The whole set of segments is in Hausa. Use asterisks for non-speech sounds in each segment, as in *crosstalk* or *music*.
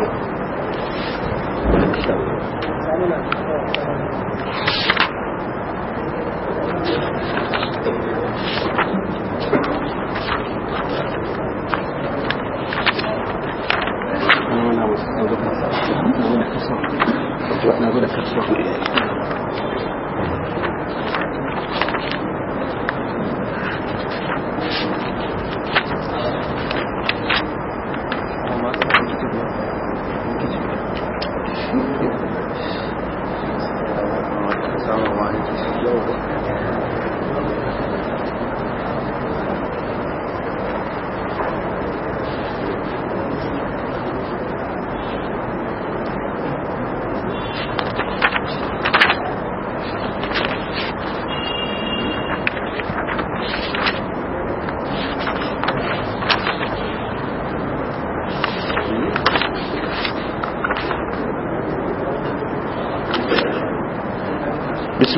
na Thank you.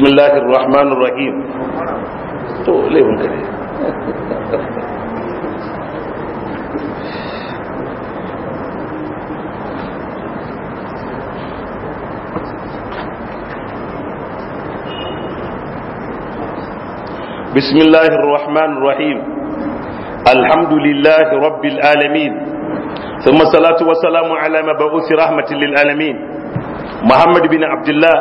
bismillahir الرحمن rahim تو laifin ka بسم الله الرحمن الرحيم الحمد لله رب العالمين ثم الصلاة والسلام على مبعوث رحمة للعالمين محمد بن عبد الله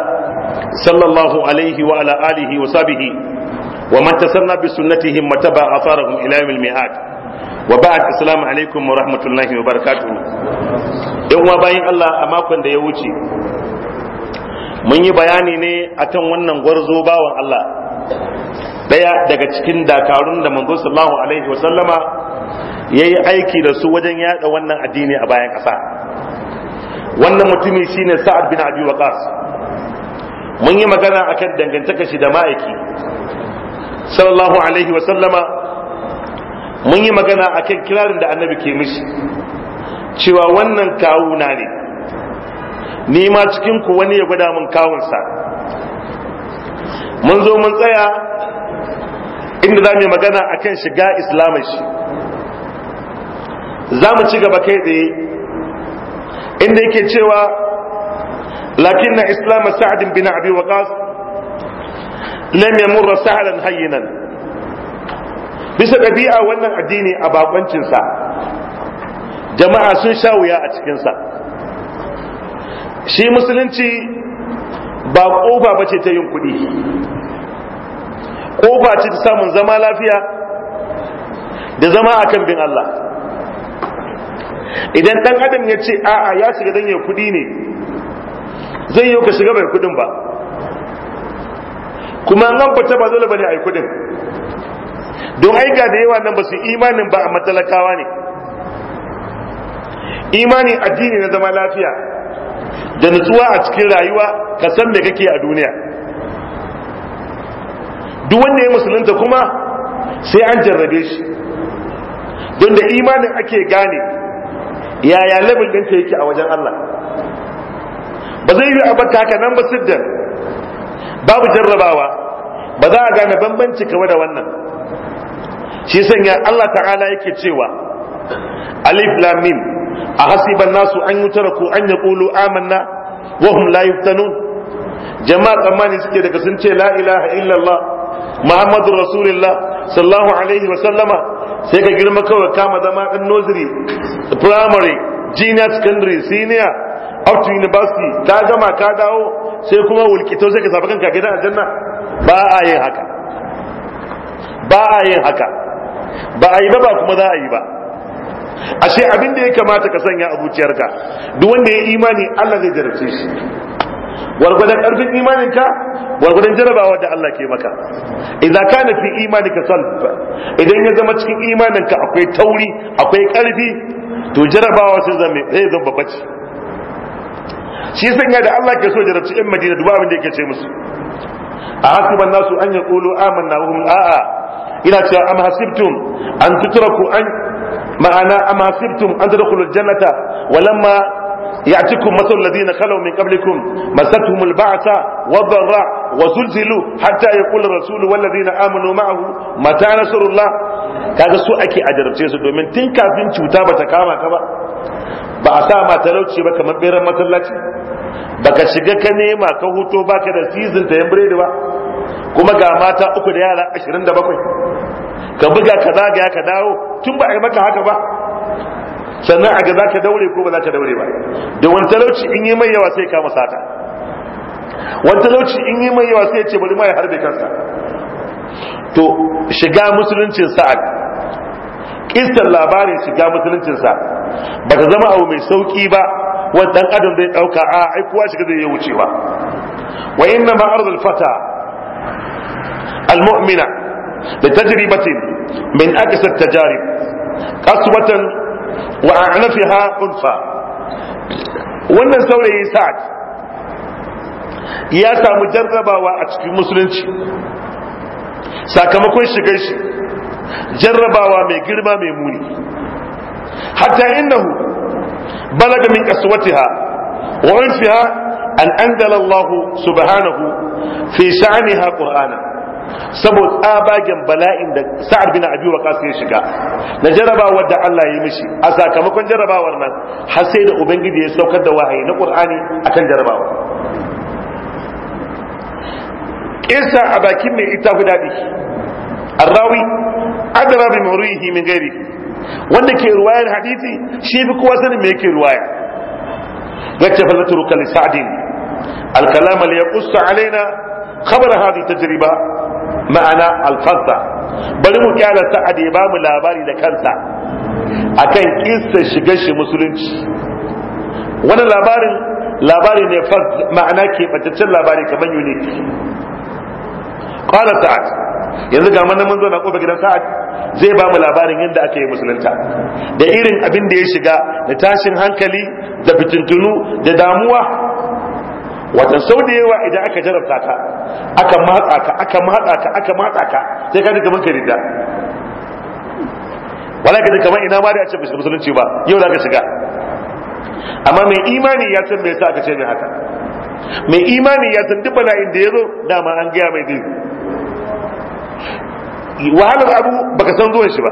صلى الله عليه وعلى آله وصحبه ومن تسنى بسنتهم وتبع أثارهم إلى يوم الميعاد وبعد السلام عليكم ورحمة الله وبركاته يوم باين الله أماكن da ya wuce mun yi bayani ne akan wannan gwarzo Allah daya daga cikin dakarun da manzo sallallahu alaihi wa sallama yayi aiki da su wajen yada wannan addini a bayan ƙasa wannan mutumi shine Sa'ad bin Abi Waqqas mun yi magana akan dangantaka shi da ma'aiki sallallahu alaihi wa sallama mun yi magana akan kirarin da annabi ke mishi cewa wannan kawuna ne ni ma cikin ku wani ya gwada min kawunsa mun zo mun tsaya inda za mu magana akan shiga islamin shi za mu ci gaba kai tsaye inda yake cewa لكن إسلام سعد بن أبي وقاص لم يمر سهلا هينا bisa ɗabi'a wannan addini a bakoncinsa jama'a sun sha wuya a cikinsa shi musulunci ba kofa ba ce ta yin kuɗi ƙofa ce ta samun zama lafiya da zama akan bin Allah idan ɗan adam ya ce a'a ya shiga don ya kuɗi ne zai yi ka shiga bai kudin ba kuma nan fita ba dole bane yi kudin don aika da yawa nan ba su imanin ba a matalakawa ne imani addini na zama lafiya da nutsuwa a cikin rayuwa ka san da kake a duniya duk wanda ya musulunta kuma sai an jarrabe shi don da imanin ake gane yaya labin ɗinka yake a wajen Allah ba zai yi a bata haka nan ba siddan babu jarrabawa ba za a gane bambanci kawai da wannan shi sanya Allah ta'ala yake cewa alif lam a hasiban nasu an yutraku an yaqulu amanna wahum hum la yuftanun jama'a tsammani suke daga sun ce la ilaha illallah muhammadu rasulullah sallallahu alaihi wa sallama sai ka girma kawai kama zama dan nursery primary junior secondary senior up to university ta gama ka dawo sai kuma wulkito sai ka samu kanka gidan aljanna ba a yin haka ba a yin haka ba a yi ba ba kuma za a yi ba ashe abin da ya kamata ka sanya a zuciyarka duk wanda ya imani Allah zai jarabce shi wargwadon karfin imaninka wargwadon jarabawa da Allah ke maka idan kana fi imaninka salb idan ya zama cikin imaninka akwai tauri akwai karfi to jarabawa sai zama zai zama babbaci shi sun da Allah ke so da rabci yan madina duba abin da yake ce musu a hasiban nasu an ya kulu amanna wa a'a ina cewa am hasibtum an tutraku an ma'ana am hasibtum an tadkhulu aljannata wa lamma ya'tikum mathal ladina khalu min qablikum masatuhum alba'sa wa dharra wa zulzilu hatta yaqul ar-rasul wal ladina amanu ma'ahu mata nasrullah kaga su ake ajarce su domin tun kafin cuta bata kama ka ba ba a sa ma talauci ba kamar beran masallaci ka shiga ka nema ka huto ka da season ta yan biredi ba kuma ga mata uku da yara ashirin da bakwai. ka buga ka zagaya ka dawo tun ba a yi maka haka ba sannan a ga za ka daure ko ba za ka daure ba da wani talauci in yi mai yawa sai kama sata wani talauci in yi mai yawa sai ce bari ma ya harbe kansa to shiga musuluncin sa'ad kistan labarin shiga musuluncin sa'ad ba ta zama abu mai sauƙi ba wani adam zai ɗauka a aikuwa shi zai yi wucewa wa inna ma arzul fata almu'mina da tajribatin min aksar tajarib qaswatan wa a'nafiha unfa wannan saurayi sa'ad ya samu jarrabawa a cikin musulunci sakamakon shigar shi jarrabawa mai girma mai muni hatta innahu balaga min qaswatiha wa urfiha an anzala Allah subhanahu fi sha'niha qur'ana saboda tsabagen bala'in da sa'ad bin abi waqas ya shiga na jarrabawar da Allah ya mishi a sakamakon jarrabawar nan har sai da ubangiji ya saukar da wahayi na ƙur'ani akan jarabawa Ƙisa a bakin mai ita guda bi arrawi adra bi murihi wanda ke ruwayar hadisi shi fi kowa sanin me yake ruwaya gace fa natruka li sa'din al kalam li yaqus alaina khabar hadhihi tajriba ma'ana al bari mu kyala sa'ad ya bamu labari da kansa akan kissa shiga shi musulunci Wani labarin labari ne fard ma'ana ke bataccen labari kamar unique qala sa'ad yanzu ga manan mun na kofar gidan sa'ad zai ba mu labarin yadda aka yi musulunta da irin abin da ya shiga da tashin hankali da fitintunu da damuwa watan sau da yawa idan aka jarabta ka aka matsa ka aka matsa ka aka matsa ka sai ka duka maka rida wala ka kamar ina ma da a ce musulunci ba yau za ka shiga amma mai imani ya san me yasa aka ce mai haka mai imani ya san duk bala'in da ya zo dama an gaya mai dai wahalar abu baka san zuwan shi ba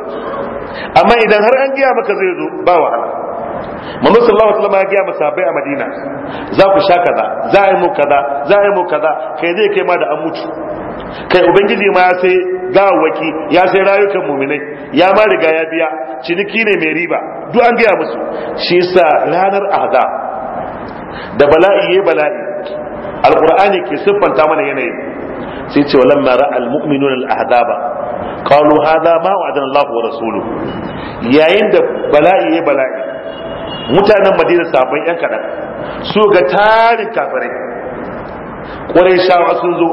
amma idan har an giya maka zai zo ba wahala manzo sallallahu alaihi wasallam ya gaya masabai a madina za ku sha kaza za a yi mu kaza za a yi mu kaza kai zai kai ma da an mutu kai ubangiji ma ya sai waki, ya sai rayukan muminai ya ma riga ya biya ciniki ne mai riba duk an giya musu shi yasa ranar ahza da bala'i ya bala'i alqur'ani ke siffanta mana yanayi sai ce walamma ra'al mu'minuna al-ahzaba qalu hadha ma wa'adana Allah wa rasuluhu yayin da bala'i ya bala'i mutanen Madina sabon yan kadan su ga tarin kafare, kwarai shawa sun zo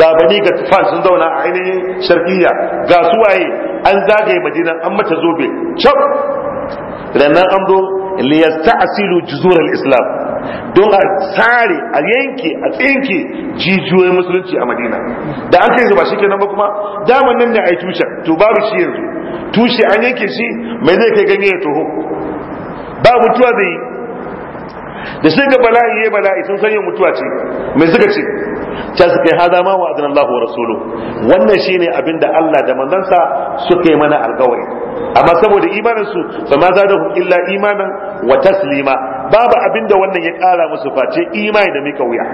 ga bani ga tufan sun zauna a ainihin sharfiya ga waye an zagaye madina an mata zobe cap rannan an liyasta'silu juzur al-islam don a tsare, a yanke a tsinke jijiyoyin musulunci a madina da an kai ba shi kenan ba kuma daman nan ne ai tushe to babu shi yanzu tushe an yanke shi mai zai kai ganye ya toho ba mutuwa zai yi da shi ga bala'i ya bala'i sun sanya mutuwa ce mai suka ce ta suka yi hada ma wa Allah wa rasulu wannan shine abin da Allah da manzansa suka yi mana alkawari amma saboda imanin su fa da zadahum illa imanin wa taslima babu abin da wannan ya kara musu face imani da mika wuya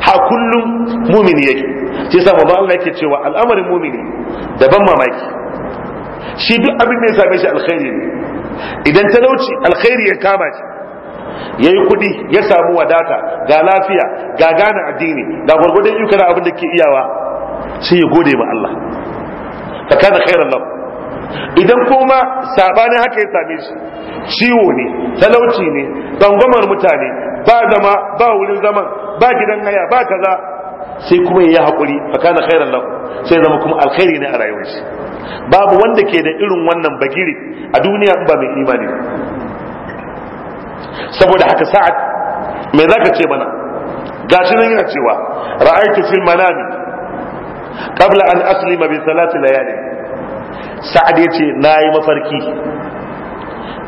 ha kullum mumini yake shi yasa Allah yake cewa al'amarin mumini daban mamaki shi duk abin da ya same shi alkhairi ne idan talauci alkhairi ya kama shi Yayi yi kuɗi ya samu wadata ga lafiya ga gane addini da gwargwadon yi kana abin da ke iyawa sai ya gode ma Allah ta kana khairan lahu idan kuma sabanin haka ya same shi ciwo ne talauci ne tsangwamar mutane ba zama ba wurin zaman ba gidan haya ba kaza sai kuma ya yi haƙuri a kana khairan lahu sai zama kuma alkhairi ne a rayuwarsa. babu wanda ke da irin wannan bagiri a duniya ba mai imani saboda haka sa'ad mai zaka ce mana gashi nan yana cewa ra'aitu fil manami qabla an aslima bi salati layali sa'ad yace nayi mafarki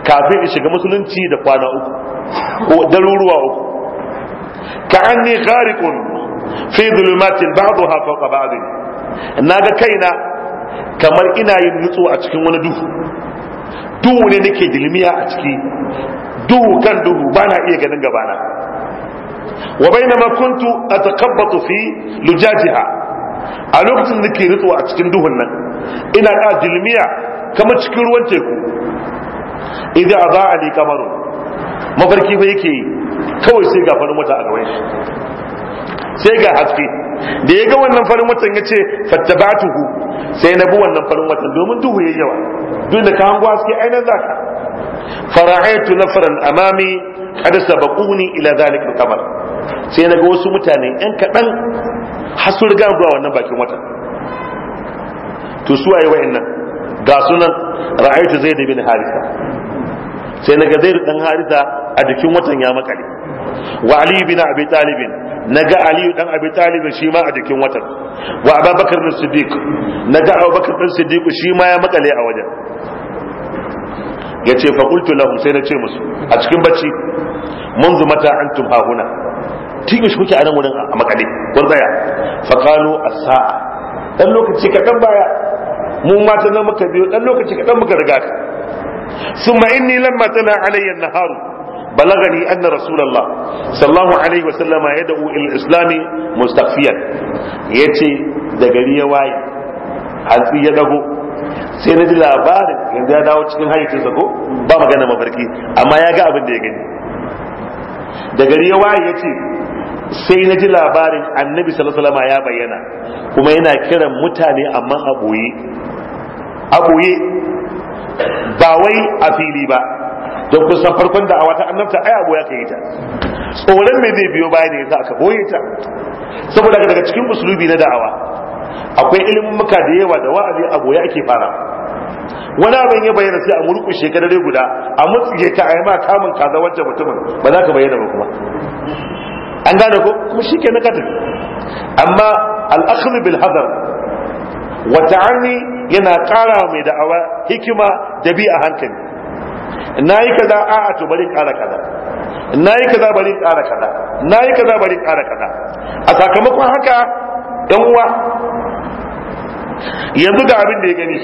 kafin in shiga musulunci da kwana uku ko daruruwa uku ka anni gharikun fi dhulumatin ba'daha fawqa ba'd naga kaina kamar ina yin nutsu a cikin wani duhu duhu ne nake dilmiya a ciki duhu kan duhu ba na iya ganin gabana wa bainama kuntu atakabbatu fi lujajiha a lokacin da ke rutuwa a cikin duhun nan ina ka dilmiya kamar cikin ruwan teku idan a za a ne kamarun mafarki fa yake kawai sai ga farin wata a gaban shi sai ga haske da ya ga wannan farin watan ya ce fattabatuhu sai na bi wannan farin watan domin duhu ya yawa duk da ka hango haske ainihin zaka fara'aitu nafaran amami قد سبقوني ila ذلك القمر qamar sai naga wasu mutane yan kaɗan har riga zuwa wannan bakin watan to su waye nan ga sunan zai zaid bin harisa sai naga zaid dan harisa a jikin watan ya makale wa ali bin abi talib naga ali dan abi talib shi ma a jikin watan wa abubakar bin siddiq naga abubakar bin siddiq shi ma ya makale a wajen ya ce faƙultu lahum sai na ce musu a cikin bacci mun zumata an tumha huna tun yaushe kuke a nan wurin a makale kun tsaya faƙalo a sa'a ɗan lokaci kaɗan baya mun mata nan muka biyo ɗan lokaci kaɗan muka riga ka summa inni lamma tala alayya naharu بلغني أن رسول الله صلى الله عليه Mustafiyan. Ya ce da gari ya waye. واي ya dago. sai na ji labarin yanzu ya dawo cikin hayyacinsa ko ba magana mafarki amma ya ga abin da ya gani da gari ya waye ya ce sai na ji labarin annabi salasalama ya bayyana kuma yana kiran mutane amma a boye ba wai a fili ba don kusan farkon da a wata annabta ai abu ya kai ta tsoron mai zai biyo bayan ya sa aka boye ta saboda daga cikin musulmi na da'awa akwai ilimin muka da yawa da wa'azi a goya ake fara wani abin ya bayyana sai a murkushe ka guda a mutsige ka a yi ma kamun kaza wancan mutumin ba za ka bayyana ba kuma an gane ko kuma shi ke na katin amma al'akhlu bil hadar wata yana kara mai da'awa hikima da bi a hankali na yi kaza a'a to bari kara kaza na yi kaza bari kara kaza na yi kaza bari kara kaza a sakamakon haka yan uwa yanzu ga abin da ya gani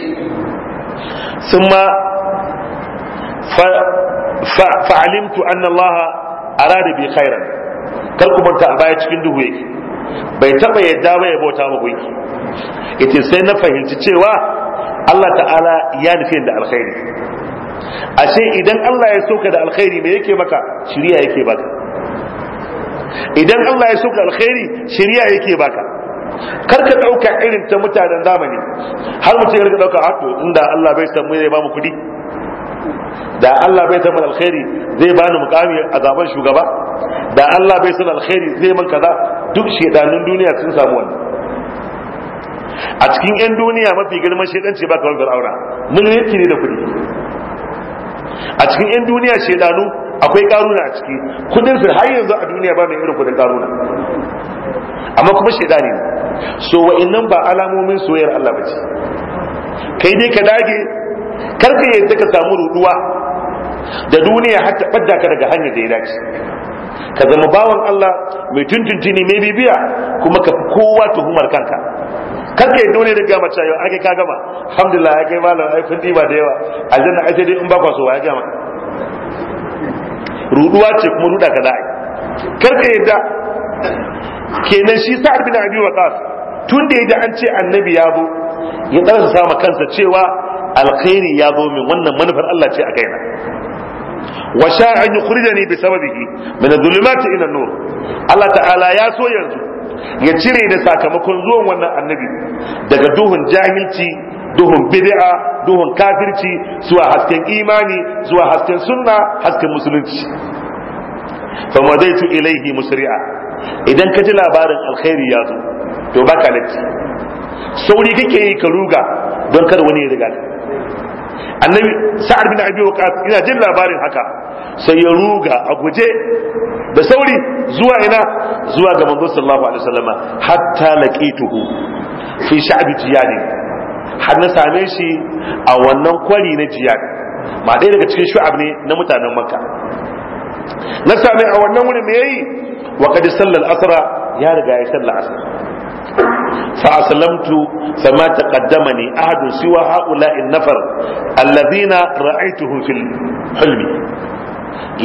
sun ma fa'alimtu an Allah arada bi khairan kar ku manta a baya cikin duhu yake bai taba ya dawo ya bauta ma gunki sai na fahimci cewa Allah ta'ala ya nufi da alkhairi ashe idan Allah ya soka da alkhairi me yake baka Shirya yake baka idan Allah ya soka alkhairi shiriya yake baka kar ka ɗauka irin ta mutanen zamani har mutum ya ɗauka hato ah, inda Allah bai san mu zai ba mu kuɗi da Allah bai san alkhairi zai ni mukami a zaben shugaba da Allah bai san alkhairi zai man kaza duk shedanun duniya sun samu wannan a cikin 'yan duniya mafi girman shedanci ba kamar fir'auna mulki ne da kuɗi a cikin 'yan duniya shedanu akwai karuna a ciki kudin su har yanzu a duniya ba mai irin kudin karuna amma kuma shedani ne so wa innan ba alamomin soyayyar Allah bace kai dai ka dage kar ka yadda ka samu ruduwa da duniya har ta fadda ka daga hanyar da ya dace ka zama bawan Allah mai tuntuntuni ne mai bibiya kuma ka kowa tuhumar kanka kar ka yadda da gama cewa an kai ka gama alhamdulillah ya kai malam ai kun diba da yawa aljanna ai sai dai in ba kwaso ya gama ruduwa ce kuma ruda ka da'i kar ka yadda kenan shi sa'ad bin abi waqas tun da yaji an ce annabi ya zo ya karasa sama kansa cewa alkhairi ya zo min wannan manufar Allah ce a kaina wa sha'a an yukhrijani bi sababihi min adh-dhulumati ila an-nur Allah ta'ala ya so yanzu ya cire da sakamakon zuwan wannan annabi daga duhun jahilci duhun bid'a duhun kafirci zuwa hasken imani zuwa hasken sunna hasken musulunci fa madaitu ilaihi musri'a idan ka ji labarin alkhairi ya zo to ba ka latti sauri kake yi ka ruga don kada wani ya riga annabi sa'ad bin abi waqas ina jin labarin haka sai ya ruga a guje da sauri zuwa ina zuwa ga manzo sallallahu alaihi wasallama hatta laqituhu fi sha'bi jiyani har na same shi a wannan kwari na jiyani ma ɗaya daga cikin shu'ab ne na mutanen makka na same a wannan wuri me yayi wa sallar sallal asra ya riga ya sallar asr fa aslamtu fama taqaddamani ahadu siwa in nafar alladhina ra'aytuhum fil hulmi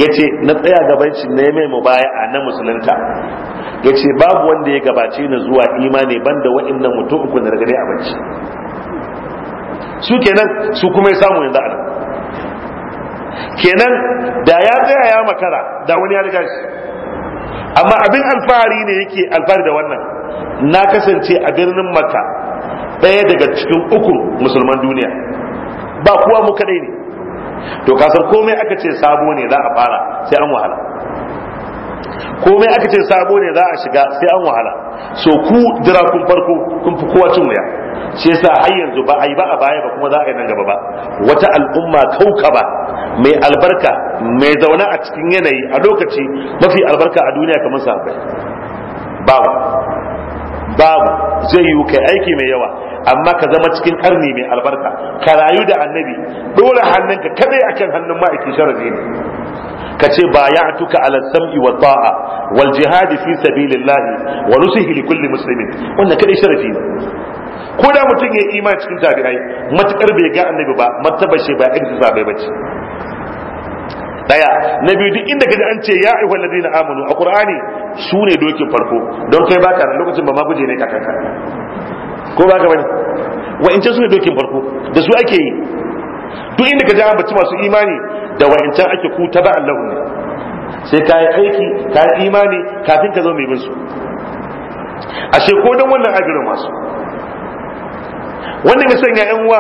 yace na tsaya gaban shi ne mai mubaya'a na musulunta yace babu wanda ya gabace ni zuwa imani banda wa'annan mutum uku na gare a bacci su kenan su kuma ya samu yanzu a kenan da ya tsaya ya makara da wani ya riga shi amma abin alfahari ne yake alfahari da wannan na kasance a birnin maka ɗaya daga cikin uku musulman duniya ba kuwa mu kadai ne to kasar komai aka ce sabo ne za a fara sai an wahala komai aka ce sabo ne za a shiga sai an wahala so ku jira kun farko kun fi kowa cin wuya shi yasa har yanzu ba a yi ba a baya ba kuma za a yi nan gaba ba wata al'umma kaukaba mai albarka mai zaune a cikin yanayi a lokaci mafi albarka a duniya kamar sahabbai babu babu zai yi kai aiki mai yawa amma ka zama cikin karni mai albarka ka rayu da annabi dole hannunka kadai akan hannun ma'aikin sharafi ne kace bayatuka ala sam'i wa ta'a wal jihad fi sabilillah wa nusihi li kulli muslimin wannan kadai sharafi ne ko da mutum ya imani cikin tabi'ai matukar bai ga annabi ba martaba shi ba irtisa bai bace daya na duk inda kaji an ce ya ayyuhal ladina amanu a qur'ani sune dokin farko don kai baka nan lokacin ba ma guje ne kakanka ko ba ka bane wa in ce sune dokin farko da su ake yi duk inda ka ji an bace masu imani da wayancan ake ku ta ba'an lahu ne sai ka yi aiki ka yi imani kafin ka zo mai bin su ashe ko dan wannan agirin masu wannan ya sanya yan uwa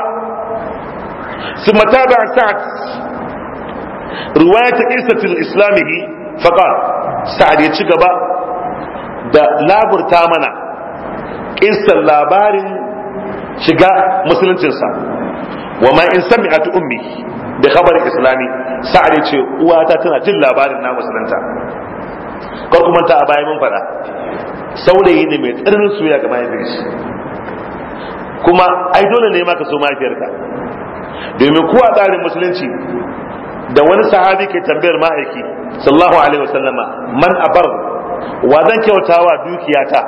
su a sa'ad riwayat islami islamihi faka sa'ad ya ci gaba da laburta mana kissan labarin shiga musuluncinsa wa ma in sami'at ummi da khabarin islami sa'ad ce uwata tana jin labarin na musulunta kar kuma ta a bayan mun saurayi ne mai tsananin soyayya ga mahaifiyar shi kuma ai dole ne maka so mafiyarka domin kuwa tsarin musulunci da wani sahabi ke tambayar mahaiki sallallahu alaihi wasallama man abar wa zan kyautawa dukiyata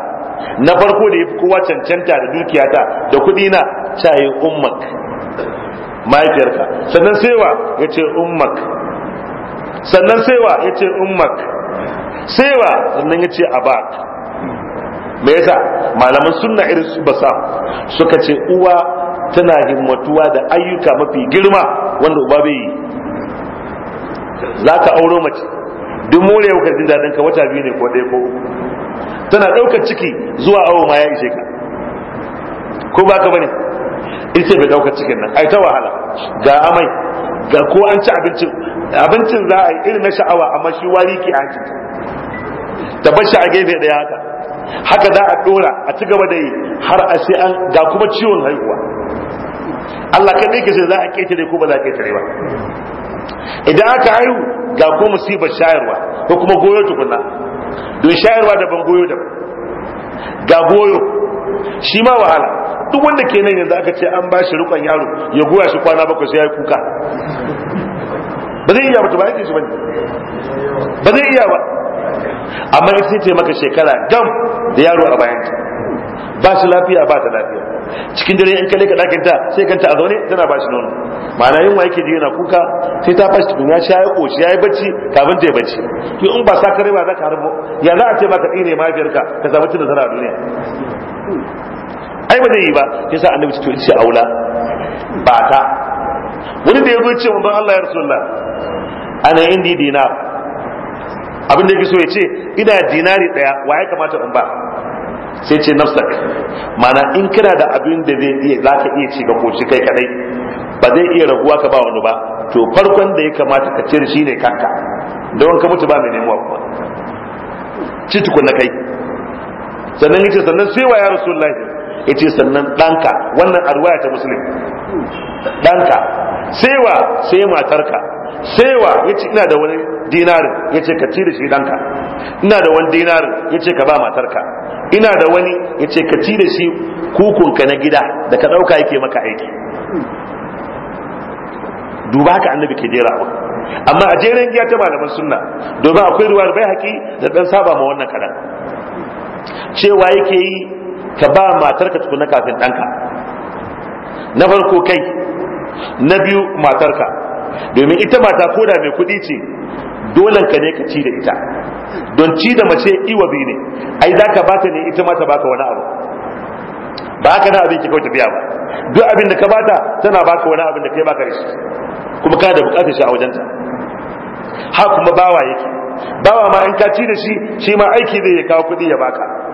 na farko da yafi kowa cancanta da dukiyata da na cayi ummak mahaifiyarka sannan saiwa ya ce ummak sannan saiwa ya ce ummak saiwa sannan ya ce abak yasa malaman suna irin su basa suka ce uwa tana himmatuwa da ayyuka mafi girma wanda uba bai yi za ka auro mace duk more ya jin daɗin ka wata biyu ne ko ɗaya ko tana ɗaukar ciki zuwa awo ma ya ishe ka ko ba ka bane ita bai dauka cikin nan ai ta wahala ga amai ga ko an ci abincin abincin za a yi irin na sha'awa amma shi wari ke hanci ta bashi a gefe daya haka haka za a dora a ci gaba da yi har a sai an ga kuma ciwon haihuwa Allah kaɗai ke sai za a ketare ko ba za a ketare ba idan aka haihu ga ko musibar shayarwa ko kuma goyo tukunna don shayarwa daban goyo daban ga goyo shi ma wahala duk wanda ke nan yanzu aka ce an ba shi rukon yaro ya goya shi kwana bakwai sai ya kuka ba zai iya mutu ba yake shi bane ba zai iya ba amma ya sai maka shekara gam da yaro a bayan ta ba shi lafiya ba ta lafiya cikin dare in kalle ka dakin ta sai kanta a zaune tana ba shi nono ma'ana yunwa yake ji yana kuka sai ta fashi tukun ya shaye koshi ya yi bacci kafin ta yi bacci to in ba sa kare ba za ka harbo ya za a ce maka tsine mafiyarka ka samu cin nasara duniya ai ba zai yi ba sai sa annabi to ce aula ba ta wani da ya zo ce mun Allah ya rasulullah ana indi dinar abin da yake so ya ce ina dinari daya wa ya kamata in ba sai ce nafsak mana in kana da abin da zai iya zaka iya ci ga koci kai kadai ba zai iya raguwa ka ba wani ba to farkon da ya kamata ka cire shine kanka don wanka mutu ba mai nemuwa kuma ci tukun na kai sannan yace sannan sai wa ya rasulullahi yace sannan danka wannan arwaya ta musulun Danka. sewa sai matarka sewa yace ina da wani dinarin yace ka ci da shi danka. ina da wani dinarin yace ka ba matarka ina da wani yace ka ci da shi kukunka na gida da ka ɗauka yake maka aiki duba haka annabi ke jera ba amma a jeren giya ta malaman sunna domin akwai ruwar bai haƙi da ɗan saba ma wannan kaɗan cewa yake yi ka ba matarka tukuna kafin ɗanka na farko kai na biyu matarka domin ita mata koda mai kuɗi ce dolenka ne ka ci da ita don ci da mace iwabi ne ai za ka bata ne ita mata baka wani abu ba haka na abin ki kawai tafiya ba duk abin da ka bata tana baka wani abin da kai baka da shi kuma ka da bukatar shi a wajenta ha kuma bawa yake bawa ma in ka ci da shi shi ma aiki zai kawo kuɗi ya baka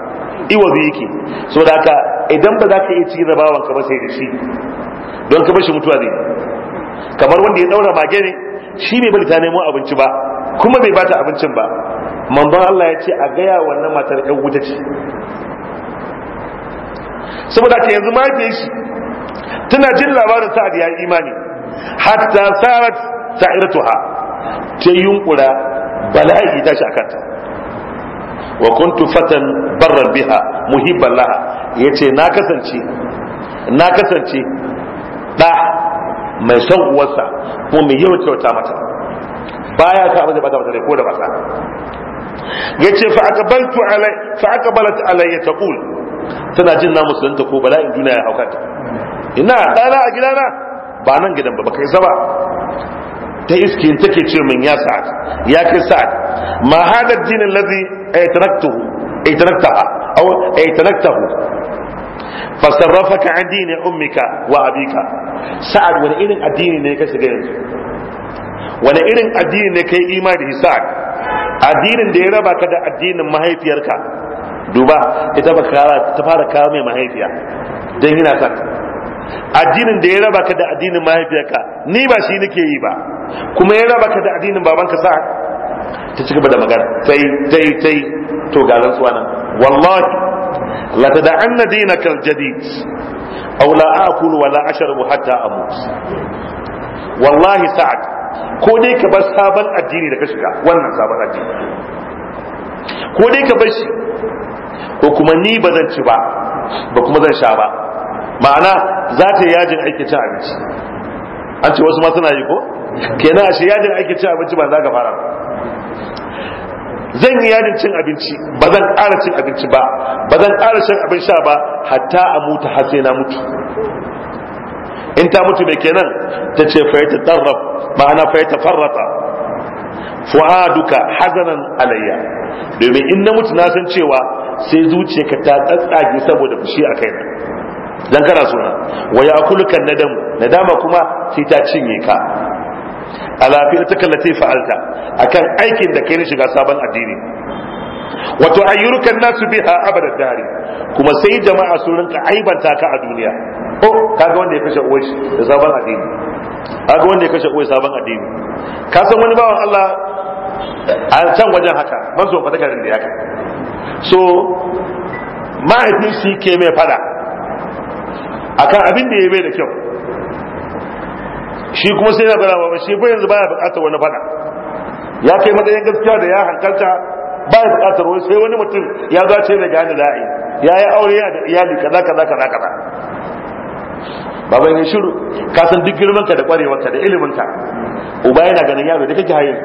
iwazu yake so da haka idan ba za ka iya cikin rabawan ka ba sai da shi don ka bashi mutuwa zai kamar wanda ya daura mage ne shi bai bari ta nemo abinci ba kuma bai bata abincin ba mamban Allah ya ce a gaya wannan matar ɗan wuta ce saboda ka yanzu mahaifiyar shi tana jin labarin sa'ad ya imani hatta sarat tuha, ta yunkura bala'i ta shi akanta wa kuntu fatan barran biha muhibban laha yace na kasance na kasance da mai son uwarsa ko mai yawan kyauta mata baya ta abin da bata mata ko da mata yace fa aqbaltu alai fa aqbalat alayya taqul tana jin na musulunta ko in duniya ya haukata ina na a gidana ba nan gidan ba kai zaba ta iske take ce min ya sa'ad ya kai sa'ad ma hada din allazi taraktuhu ay taraktaha aw ay taraktahu fasarrafaka an dini ummika wa abika sa'ad wani irin addini ne ka shiga yanzu wani irin addini ne kai imani sa'ad addinin da ya raba ka da addinin mahaifiyarka duba ita ba ta fara kawo mai mahaifiya don yana son addinin da ya raba ka da addinin mahaifiyarka ni ba shi nake yi ba kuma ya raba ka da addinin babanka sa'ad ta ci gaba da magana sai sai sai to ga rantsuwa nan wallahi la tad'anna dinaka aljadid aw la akulu wa la ashrabu hatta amut wallahi sa'ad ko dai ka bar sabon addini da ka shiga wannan sabon addini ko dai ka bar shi ko kuma ni ba zan ci ba ba kuma zan sha ba ma'ana za ta yi yajin aiki cin abinci an ce wasu ma suna yi ko kenan ashe yajin aiki cin abinci ba za ka fara ba zan yi yadin cin abinci ba zan ƙara cin abinci ba ba zan ƙara cin abin sha ba hatta a mutu har sai na mutu in ta mutu ne kenan ta ce fa ta tarraf ma'ana fa ta farrata fu'aduka hazanan alayya domin in na mutu na san cewa sai zuciyarka ta tsatsage saboda fushi a kaina dan kana suna wa ya'kuluka nadam nadama kuma sai ta cinye ka ala fi'ataka allati fa'alta akan aikin da kai na shiga sabon addini wato ayyurukan nasu biha abada dari kuma sai jama'a su rinka aibanta ka a duniya ko kaga wanda ya kashe uwai shi da sabon addini kaga wanda ya kashe uwai sabon addini ka san wani bawan Allah a can wajen haka ban so fata garin da yaka so mahaifin shi ke mai fada akan abin da ya bai da kyau shi kuma sai na gwada ba shi ba yanzu baya bukatar wani fada ya kai matsayin gaskiya da ya hankalta baya bukatar wani sai wani mutum ya zace da gani da'i ya yi aure ya da iyali kaza kaza kaza kaza baban ya shiru ka san duk girman ka da kwarewar ka da ilimin ka uba yana ganin yaro da kake hayin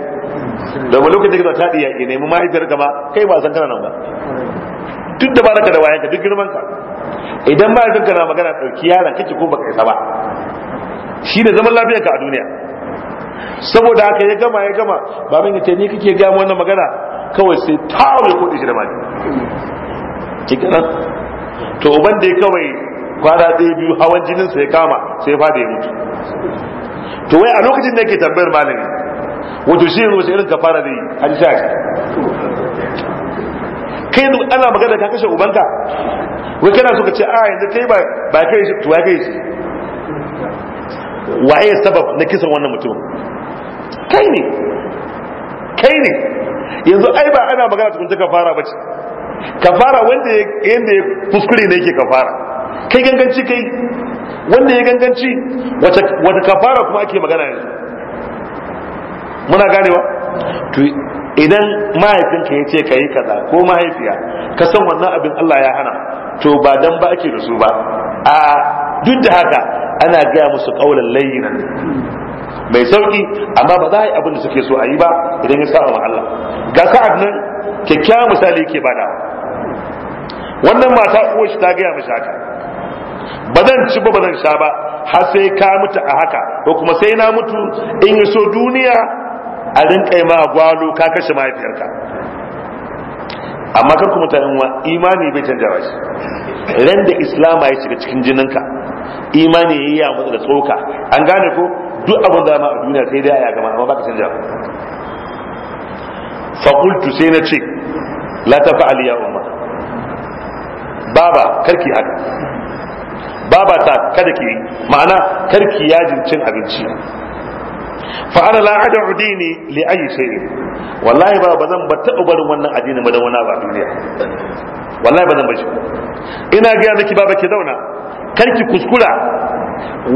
da wani lokacin da ta diya ne mu mahaifiyar ka ba kai ba san kana nan ba duk da baraka da wayanka duk girman ka idan ba ka na magana dauki yaron kake ko baka isa ba shi da zaman lafiya ka a duniya saboda haka ya gama ya gama ba mai ta ni kake gaya wannan magana kawai sai tawo ya kudi shi da mali nan to uban da ya kawai kwana ɗaya biyu hawan jinin sai ya kama sai ya fada ya mutu to wai a lokacin da yake tambayar malami wato shi yanzu wasu irin fara da yi an sha kai yanzu ana magana ka kashe ubanka wai kana so ka ce a yanzu kai ba kai shi to ya kai shi waye sabab na kisan wannan mutum, kai ne kai ne yanzu ai ba ana magana tukun ta kafara bace kafara wanda yanda ya kuskure ne yake kafara kai ganganci kai wanda ya ganganci wata wata kafara kuma ake magana ne, muna ganewa to idan mahaifinka ya ce ka yi kaza ko mahaifiya ka san wannan abin Allah ya hana to ba dan ba ake da su ba a duk da haka ana gaya musu ƙaunar layyinan mai sauki amma ba za a yi abin da suke so a yi ba idan ya saba Allah ga sa'ad nan kyakkyawan misali yake bada wannan mata uwar ta gaya mishi haka ba zan ci ba ba zan sha ba har sai ka mutu a haka ko kuma sai na mutu in yi so duniya a rinƙa ma gwalo ka kashe mahaifiyarka amma karku kuma ta imani bai canja shi ran da islama ya shiga cikin jininka imani yayi ya mutu da tsoka an gane ko duk abin da ma a duniya sai dai aya gama amma baka canja fa qultu sai na ce la tafa'al ya umma baba karki haka baba ta kada ki ma'ana karki yajin cin abinci fa ana la ad'u dini li ayi shay'in wallahi ba bazan ba ta ubarin wannan addini ba da wani ba duniya wallahi bazan bashi ina ga miki baba ki zauna karki kuskura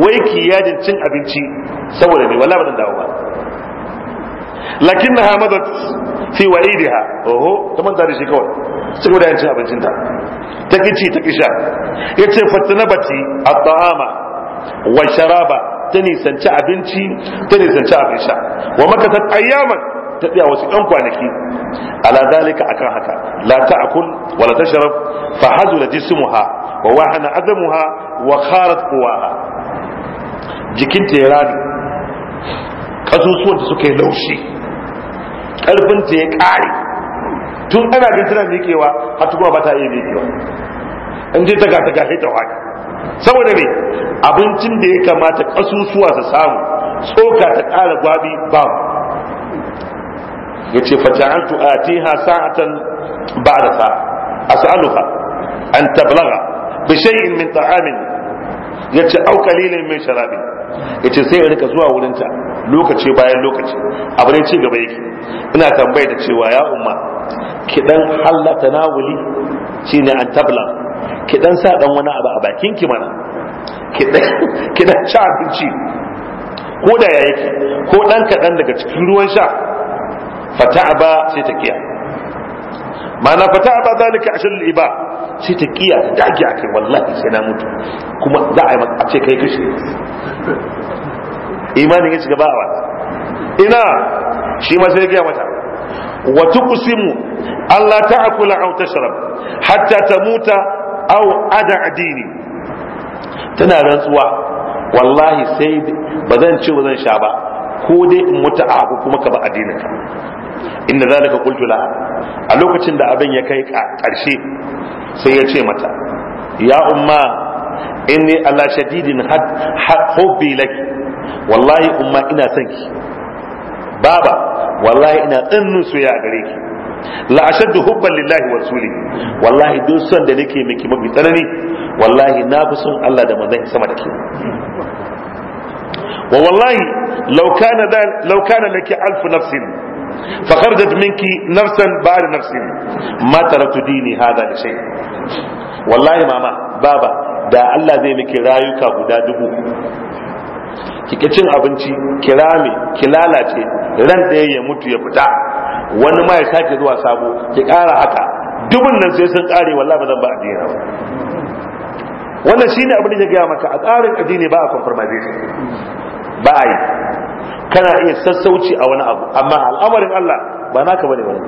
wai ki yajin cin abinci saboda ne wallahi ban dawo ba lakin na hamadat fi wa'idiha oho ta manta da shi kawai saboda yancin abincin ta ta kici ta kisha yace fatanabati at-ta'ama wa sharaba ta nisanci abinci ta nisanci abin sha wa makatat ayyaman ta tsaya wasu ɗan kwanaki ala zalika akan haka la ta'kul wa la tashrab fa hazula jismuha wa wahana azamuha wa kharat quwaha jikinta ya rani kasusuwanta suka yi laushi ta ya kare tun ana jin tana mikewa har kuma ba ta iya mikewa in dai ta gata gahe ta waka saboda me abincin da ya kamata kasusuwa su samu tsoka ta kara gwabi ba ya ce fata'antu atiha sa'atan ba'da sa'a as'aluha an tablagha bi shay'in min ta'amin yace au qalilin min sharabin yace sai in rika zuwa wurinta lokaci bayan lokaci abu ne ci gaba yake ina tambaye da cewa ya umma ki dan nawuli tanawuli ne an tabla ki dan sa dan wani abu a bakin ki mana *laughs* ki dan ci abinci ko da ya yake ko dan kaɗan daga cikin ruwan sha fata'aba sai ta kiya ma'ana fata'aba zalika ashal iba sai ta kiya ta dage a kai wallahi sai na mutu kuma za a yi a ce kai kashe imanin ya shiga ba wa ina shi ma sai gaya mata wa tuqsimu Allah ta'kula aw tashrab hatta tamuta aw ada adini tana rantsuwa wallahi sai bazan ci bazan sha ba ko dai in mutu a kuma ka ba addinin ka inda zalika qultu la a lokacin da abin ya kai karshe sai ya ce mata ya umma inni ala shadidin hubbi laki wallahi umma ina son ki baba wallahi ina su ya gare ki la ashaddu hubban lillahi wa rasuli wallahi duk son da nake miki mafi tsanani wallahi na fi son Allah da manzon sama da ke wa wallahi law kana law kana laki alf nafsin fa kharajat minki bari ba'da nafsin ma taraktu dini hada da shay wallahi mama baba da Allah zai miki rayuka guda dubu ki ki cin abinci ki rami ki lalace ran da ya mutu ya fita wani ma ya sake zuwa sabo ki kara haka dubun sai sun kare wallahi ba zan ba addini ba wannan shine abin da ya gaya maka a tsarin addini ba a compromise ba yi kana iya sassauci a wani abu amma al'amarin Allah ba naka bane wani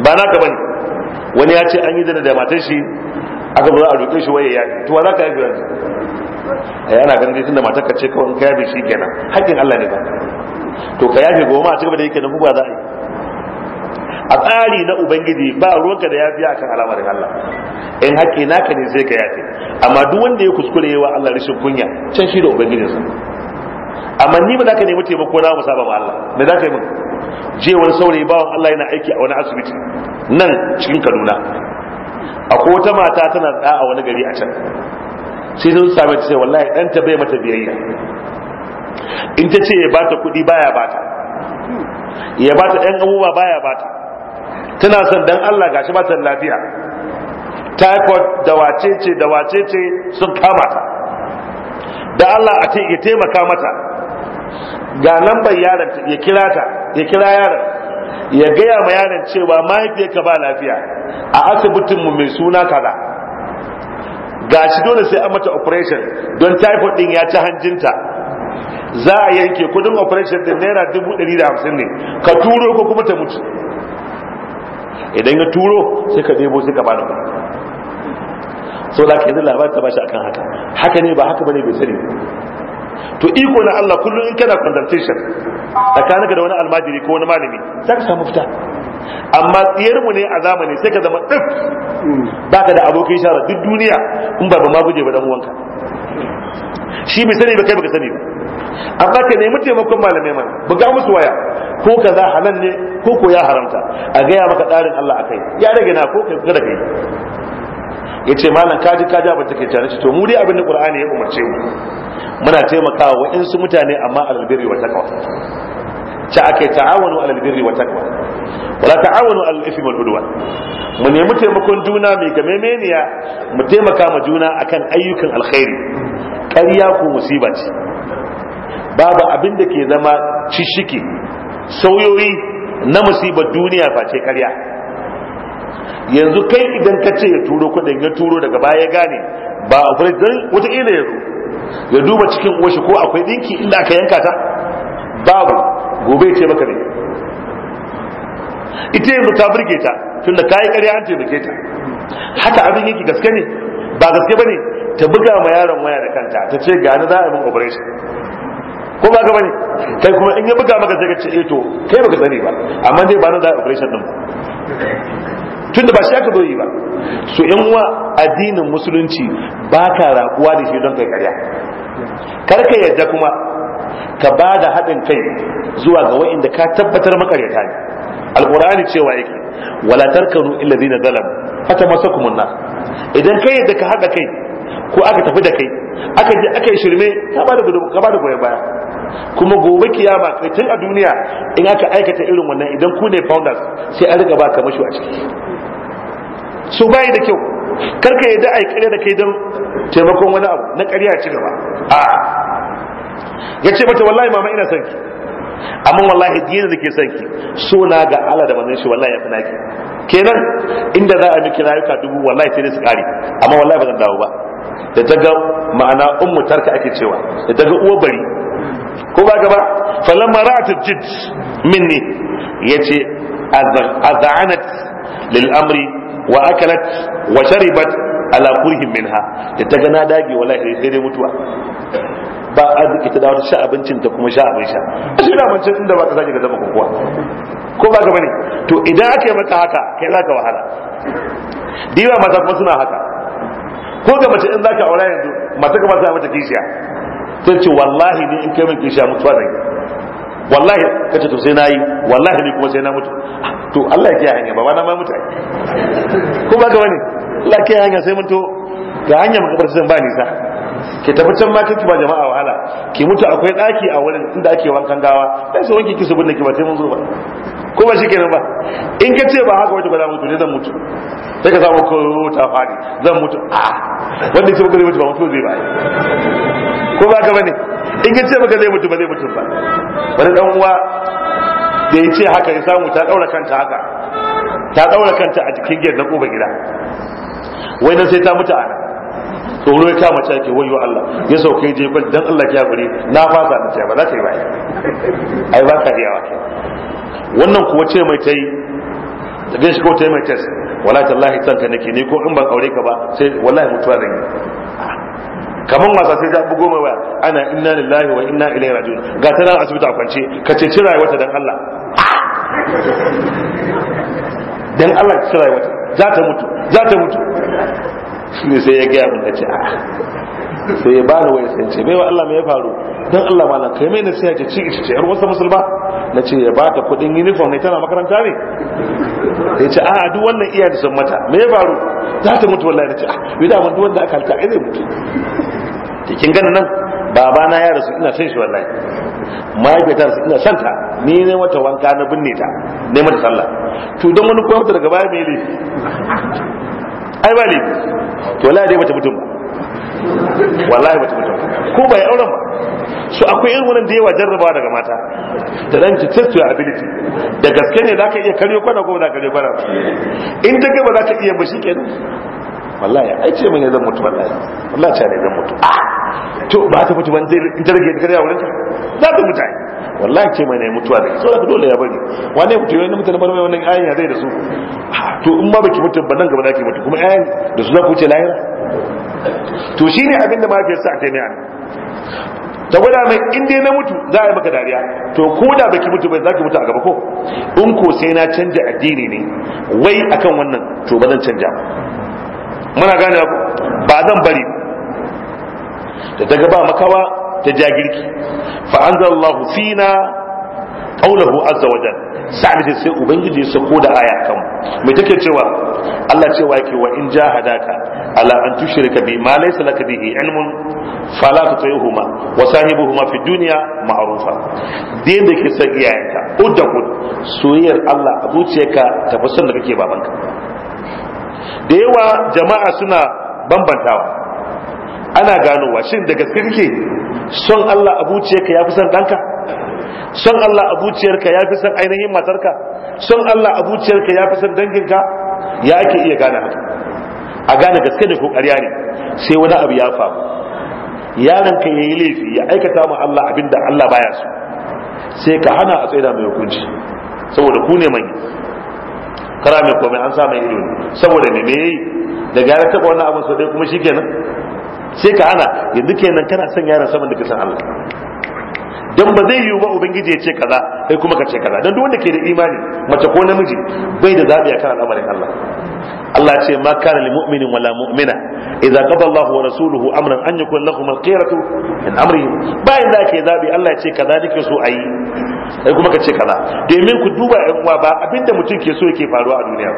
ba naka bane wani ya ce an yi zana da matan shi aka zo a roƙe shi waye yaƙi to wa za ka yi wani a eh, yana ganin dai tunda matar ka ce kawai ka yabe shi kenan haƙƙin Allah ne ba to ka yafe goma a cigaba da yake da kuma za a yi a tsari na ubangiji ba ruwanka da biya akan al'amarin Allah in haƙƙi naka ne sai ka yafe amma duk wanda ya kuskure yawa Allah rashin kunya can shi da ubangijinsa amma ni ba za ka nemi taimako na musaba ma Allah me za ka yi min je wani saurayi bawan Allah yana aiki a wani asibiti nan cikin Kaduna akwai wata mata tana tsaya a wani gari a can sai sun same ta sai wallahi dan ta bai mata biyayya in ta ce ya bata kuɗi baya bata ya bata ɗan abubuwa baya bata tana son dan Allah gashi ba ta lafiya typhoid da wacece da wacece sun kama ta da Allah a ce ya taimaka mata ga lambar yaron ya kira ta ya kira yaron ya gaya ma yaron cewa mahaifiyarka ba lafiya a asibitin mu mai suna kaza ga shi dole sai an mata operation don typhoid din ya ci hanjinta za a yanke kudin operation din naira 150 ne ka turo ko kuma ta mutu idan ya turo sai ka debo sai ka bada kuɗi so da ka yanzu labarin ta bashi akan haka haka ne ba haka bane bai sani to iko na Allah kullum in kana consultation tsakaninka da wani almajiri ko wani malami za ka samu fita amma mu ne a zamani sai ka zama tsif ba ka da abokai shara duk duniya in ba ba ma guje ba dan uwanka shi bai sani ba kai baka sani ba amma ka nemi taimakon malamai mana buga musu waya ko kaza halal ne ko ko ya haramta a gaya maka tsarin Allah akai ya rage na ko kai kada kai yace malam kaji kaji abin take tare to mu dai abin da qur'ani ya umarce mu muna taimakawa wa'insu mutane amma al birri wa taqwa ta ake ta'awunu alal birri wa taqwa wala ta'awunu alal ithmi wal udwan mu nemi taimakon juna mai game meniya mu taimaka ma juna akan ayyukan alkhairi ƙarya ko musiba ce babu abin da ke zama cishiki sauyoyi na musibar duniya face ƙarya yanzu kai idan ka ce ya turo kudin ya turo daga baya ya gane ba a kudin don watakila ya ya duba cikin uwashi ko akwai dinki inda aka yanka ta babu gobe ce maka ne ita yanzu ta burge ta tunda ta yi karya an taimake ta haka abin yake gaske ne ba gaske ba ne ta buga ma yaron waya da kanta ta ce ga ni za a yi min operation ko ba ka bane kai kuma in ya buga maka sai ka ce eh to kai baka sani ba amma dai ba na za a operation din ba tunda ba shi aka zo yi ba su yan wa addinin musulunci ba ka rakuwa da shi don kai karya kar ka yadda kuma ka ba da haɗin kai zuwa ga wa'inda ka tabbatar makaryata ne alƙur'ani cewa yake wala tarkanu illa zina zalam fata masakumun nas idan kai yadda ka haɗa kai ko aka tafi da kai aka yi shirme ka ba da goyon baya kuma gobe kiyama kai tun a duniya in aka aikata irin wannan idan ku ne founders sai an riga ba ka mashi a ciki so bai da kyau karka yadda a yi ƙarya da kai don taimakon wani abu na karya ci gaba a ya ce mata wallahi mama ina son ki amma wallahi diyar da ke son ki so na ga ala da manzon shi wallahi ya fi naki kenan inda za a miki rayuka dubu wallahi sai dai su kare amma wallahi ba zan dawo ba da ta ga ma'ana ummu tarka ake cewa da ta ga uwar bari ko ba gaba falan mara'at jid minni ce azanat lil amri wa akalat wa sharibat ala kurhin minha da ta ga na dage wallahi sai dai mutuwa ba a arziki ta dawo sha abincin ta kuma sha abin sha shi na mace inda ba ta sake ka zama kokowa ko ba ka bane to idan aka yi maka haka kai za ka wahala diwa mata kuma suna haka ko ga mace in za ka aura yanzu mata ka ba mata kishiya sai ce wallahi ni in kai min kishiya mutuwa zan yi wallahi kace to sai na yi wallahi ni kuma sai na mutu to Allah ya kiyaye hanya ba wani ma mutane ko ba ga wani Allah ya kiyaye hanya sai mun to ga hanya makabar sun ba nisa Ke tafi can ma kake ba jama'a wahala ki mutu akwai daki a wurin inda ake wankan gawa sai su wanke ki su ke ki ba sai mun zo ba ko ba shi kenan ba in ka ce ba haka wace ba za mutu ne zan mutu sai ka samu ko ta fadi zan mutu a ah! wanda ke baka zai mutu ba mutu zai ba ko ba ka bane in ka ce ba ka zai mutu ba zai mutu ba wani dan uwa da ya ce haka ya samu ta daura kanta haka ta daura kanta a cikin gate na kuma gida wai nan sai ta mutu a nan tsoro ya kama ta yake wayo Allah ya sauke je kwal dan Allah ya gure na fasa da ta ba za ta yi ba ai ba ka riyawa ke wannan kuwa ce mai tai da gaishe ko tai mai test wallahi tallahi tanka nake ne ko in ba aure ka ba sai wallahi mutuwa zan yi kamar wasa sai ta bugo mai waya ana inna lillahi wa inna ilaihi rajiun ga ta nan asibiti a kwance ka ceci wata dan Allah *laughs* dan Allah cira ceci wata za ta mutu za ta mutu ne sai ya gaya mun ce a sai ya bani waya sai ce wa Allah me ya faru dan Allah malam kai mai nasiha ce ci ce yar wasa musulma ce ya bata kudin uniform ne tana makaranta ne ya ce a duk wannan iya da san mata me ya faru za ta mutu wallahi ce a ah, bi da mun duk wanda aka halta ai zai mutu ta kin gani nan babana ya rasu ina son shi wallahi mahaifiyata rasu ina son ta ni ne wata wanka na binne ta ne mata sallah to don wani kwamfuta daga baya mai laifi ai ba laifi to wallahi dai bata mutum ba wallahi bata mutum ko bai auren ba su akwai irin wannan da yawa jarrabawa daga mata da dan ki test your ability da gaske ne zaka iya karyo kwana ko ba zaka ka karyo kwana in ta ba zaka ka iya ba shikenan wallahi ai ce mun zan mutu wallahi wallahi ce ne zan mutu ah! to ba ta mutu ban zai ta rage ta kariya wurin za ta mutu wallahi ce mai ne mutuwa da so da dole ya bari wani ya mutu ne mutane barmai wannan ayan ya zai da su ah, to in ma baki mutu ba nan gaba ki mutu kuma ayan da su za ku wuce lahira to shine abin da mafiyar sa ta miya ta gwada mai in dai na mutu za a yi maka dariya to ko da baki mutu bai za ki mutu a gaba ko in ko sai na canja addini ne wai akan wannan to ba zan canja ba muna gane ba zan bari da ta ga ba makawa ta ja girki fa anzalallahu fina qawluhu azza wa jalla sa'ad da sai ubangiji ya sako da aya kan me take cewa Allah cewa yake wa in jahadaka ala an tushrika bi ma laysa laka bihi ilmun fala tutayhuma wa sahibuhuma fi dunya ma'rufa din da ke san iyayenka udda soyayyar Allah a zuciyarka tafi da kake babanka da yawa jama'a suna bambantawa ana ganowa shin da gaske kake son Allah abuciyarka ya fi son ɗanka son Allah abuciyarka ya fi son ainihin matarka son Allah abuciyarka ya fi son danginka ya ake iya gane haka a gane gaske da ko ne sai wani abu ya faru yaron ka yayi laifi ya aikata ma Allah abinda Allah baya so sai ka hana a tsaida mai hukunci saboda ku ne manyan kara mai komai an sa mai ido saboda me me da gara taba wannan abin sau dai kuma shikenan sai ka ana yanzu kenan kana son yaran saman da kisan Allah dan ba zai yiwu ba ubangiji ya ce kaza kai kuma ka ce kaza dan duk wanda ke da imani mace ko namiji bai da zabi akan al'amarin Allah Allah ce ma kana lil mu'minin wala mu'mina idza qada Allahu wa rasuluhu amran an yakun lahum al-qiratu min amrihim bayan da ke zabi Allah ya ce kaza nake so ayi kai kuma ka ce kaza domin ku duba ɗan uwa ba abinda mutum ke so yake faruwa a duniya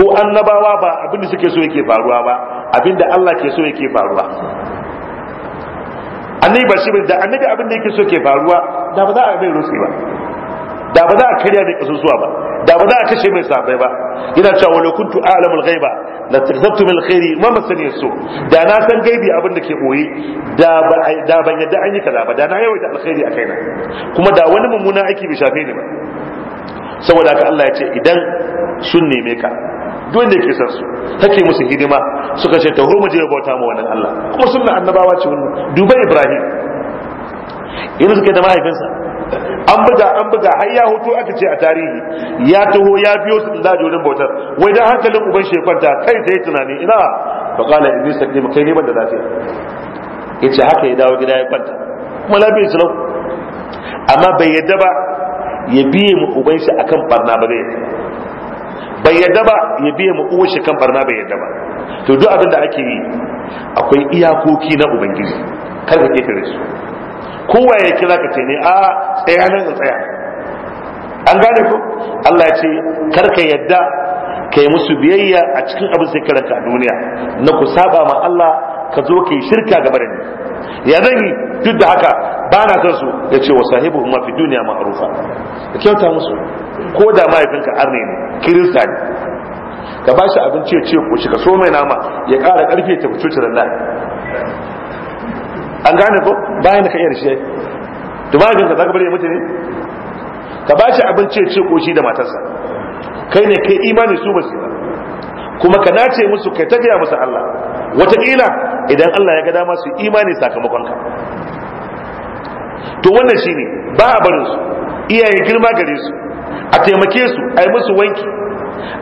ko annabawa ba abinda suke so yake faruwa ba abinda Allah ke so yake faruwa annabi bashir da annabi abinda yake so ke faruwa da ba za a bai rusi ba da ba za a kariya da kasusuwa ba da ba za a kashe mai sabai ba yana cewa wala kuntu a'lamul ghaiba la taqadtu min alkhairi ma masani su da na san gaibi abin da ke boye da ba da ban yadda an yi kaza ba da na yawaita alkhairi a kaina kuma da wani mummuna aiki bai shafe ni ba saboda haka Allah ya ce idan sun neme ka duk wanda yake san su take musu hidima suka ce ta mu je bauta ma wannan Allah kuma sunna annabawa ce wannan Duba Ibrahim irin suke da mahaifinsa an buga an buga har ya hoto aka ce a tarihi ya taho ya biyo su da jorin bautar wai dan hankalin uban shi kwanta kai sai tunani ina fa qala inni sakim kai ne banda da yace haka ya dawo gida ya kwanta kuma lafiyar su amma bai yadda ba ya biye mu uban shi akan barna ba zai bai yadda ba ya biye mu uban shi kan barna bai yadda ba to duk abin da ake yi akwai iyakoki na ubangiji kar ka kefe su kowa ya kira ka ce ne a tsaya nan tsaya an gane ku. Allah ya ce kar ka yadda ka yi musu biyayya a cikin abin sai karanta a duniya na ku saba ma Allah ka zo ka yi shirka gaba da ni ya zan yi duk da haka ba na son su ya ce wa sahibu ma fi duniya ma'arufa ka kyauta musu ko da mahaifinka arne ne kirista ne ka ba shi abinci ya ce ku shi ka so mai nama ya ƙara ƙarfi ta fito ta an gane ko bayan da ka iya shi to ba ka zaka bari mutane ka ba shi abinci ya ce koshi da matarsa kai ne kai imani su basu ba kuma ka nace musu kai ta gaya musu Allah wataƙila idan Allah ya ga dama su imani sakamakon ka to wannan shine ba a barin su iyaye girma gare su a taimake su a yi musu wanki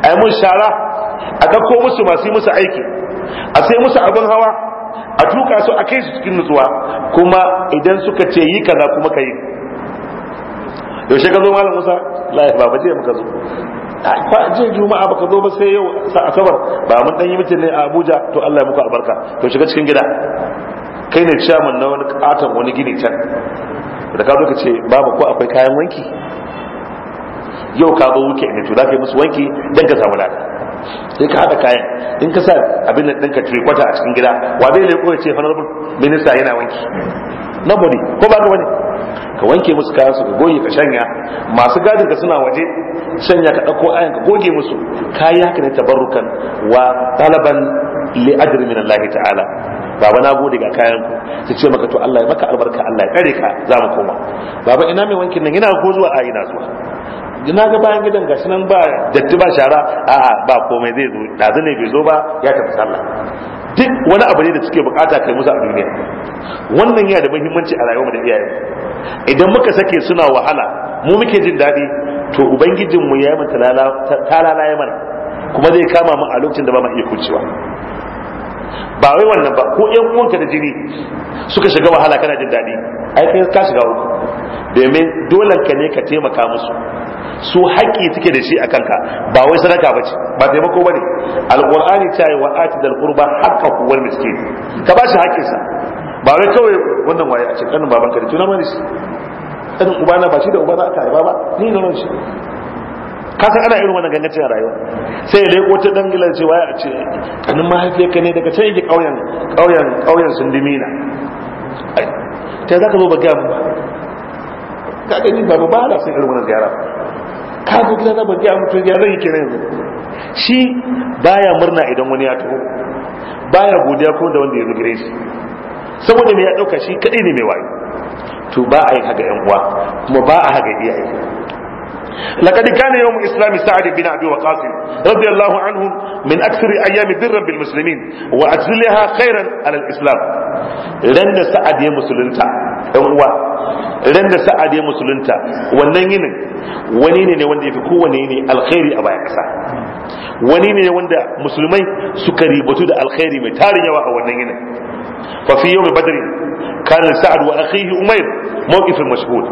a yi musu shara a ɗauko musu masu yi musu aiki a sai musu abin hawa a tuka su a kai su cikin nutsuwa kuma idan suka ce yi kaza kuma ka yi yaushe ka zo malam musa lafi ba baje muka zo fa jin juma'a baka zo ba sai yau a asabar ba mun dan yi mutum ne a abuja to allah ya muku albarka to shiga cikin gida kai ne shaman na wani katon wani gini can da ka zo ka ce babu ko akwai kayan wanki yau ka zo wuke ne to za ka yi musu wanki dan ka samu lada sai ka haɗa kayan in ka sa abin nan ɗinka tiri kwata a cikin gida wa zai leko ya ce honorable minister yana wanki nobody ko ba ka wani ka wanke musu kayan su ka goge ka shanya masu gadin ka suna waje shanya ka ɗauko ayan ka goge musu kaya ka ne tabarrukan wa ɗaliban li'adri min Allah ta'ala baba na gode ga kayan ku su ce maka to Allah ya maka albarka Allah ya kare ka za mu koma baba ina mai wankin nan yana ko zuwa a ina zuwa na ga bayan gidan gashi nan ba datti ba shara a'a ba komai zai zo da ne bai zo ba ya tafi sallah duk wani abu ne da suke bukata kai musu a duniya wannan yana da muhimmanci a rayuwar da iyaye. idan muka sake suna wahala mu muke jin daɗi to ubangijinmu ya yi mu talala ya mana kuma zai kama mu a lokacin da ba mu iya kucewa ba wai wannan ba ko yan uwanka da jini suka shiga wahala kana jin daɗi ai kai ka shiga uku domin dole ka ne ka taimaka musu su haƙƙi suke da shi a kanka ba wai sadaka ba ce ba taimako ba ne alƙur'ani ta yi wa ati da alƙurba haƙƙa kuwar miskin ka ba shi haƙƙinsa ba wai kawai wannan waye a ce ƙanin baban ka da tunan wani shi ƙanin ubana ba shi da ubana aka haifa ba ni na wani shi ka san ana irin wannan gangancin a rayuwa sai ya leko ta dangilar ce waye a ce ƙanin ka ne daga can yake ƙauyen ƙauyen ƙauyen sundumina ta za ka zo ba gaya ka gani ba ba bala sai irin wannan ziyara ka ga gida na ji a mutum ya zai kira yanzu shi baya murna idan wani ya taho baya godiya ko da wanda ya zo saboda me ya dauka shi kadai ne mai wayo to ba a yi haga yan uwa kuma ba a haga iyaye لقد كان يوم إسلام سعد بن أبي وقاص رضي الله عنه من أكثر أيام برا بالمسلمين وأجزلها خيرا على الإسلام لن سعد يا مسلمتا هو ran da sa'ad ya musulunta wannan yinin wani ne wanda ya fi kowane ne alkhairi a bayan ƙasa wani ne wanda musulmai suka ribatu da alkhairi mai tari yawa a wannan yinin fa badri kana sa'ad wa akhihi umar, mawqifin mashhud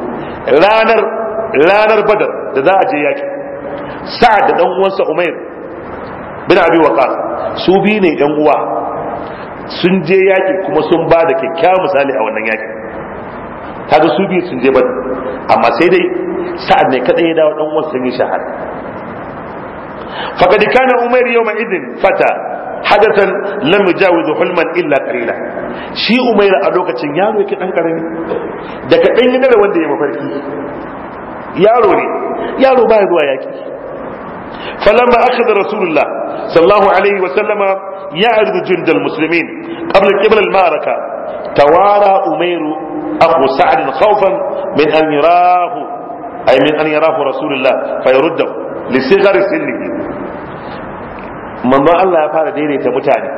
ranar ranar badar da za a je yaki sa'ad da ɗan'uwansa uwansa umair bin abi waqas su bi ne yan uwa sun je yaki kuma sun ba da kyakkyawan misali a wannan yaki ga su biyu sun je badar amma sai dai sa'ad ne kadai ya dawo ɗan'uwansa uwansa sun yi shahada faqad kana umair mai izin fata hadasan lam yujawizu hulman illa qalila shi umaira a lokacin yaro yake dan karami daga dan yana wanda ya mafarki yaro ne yaro baya zuwa yaki falamma da rasulullah Sallahu alaihi wa sallama ya'ridu jundal muslimin qabla qibla maaraka tawara umayru abu sa'd khaufan min an yarahu ay min an rasulullah li Allah ya fara daidaita mutane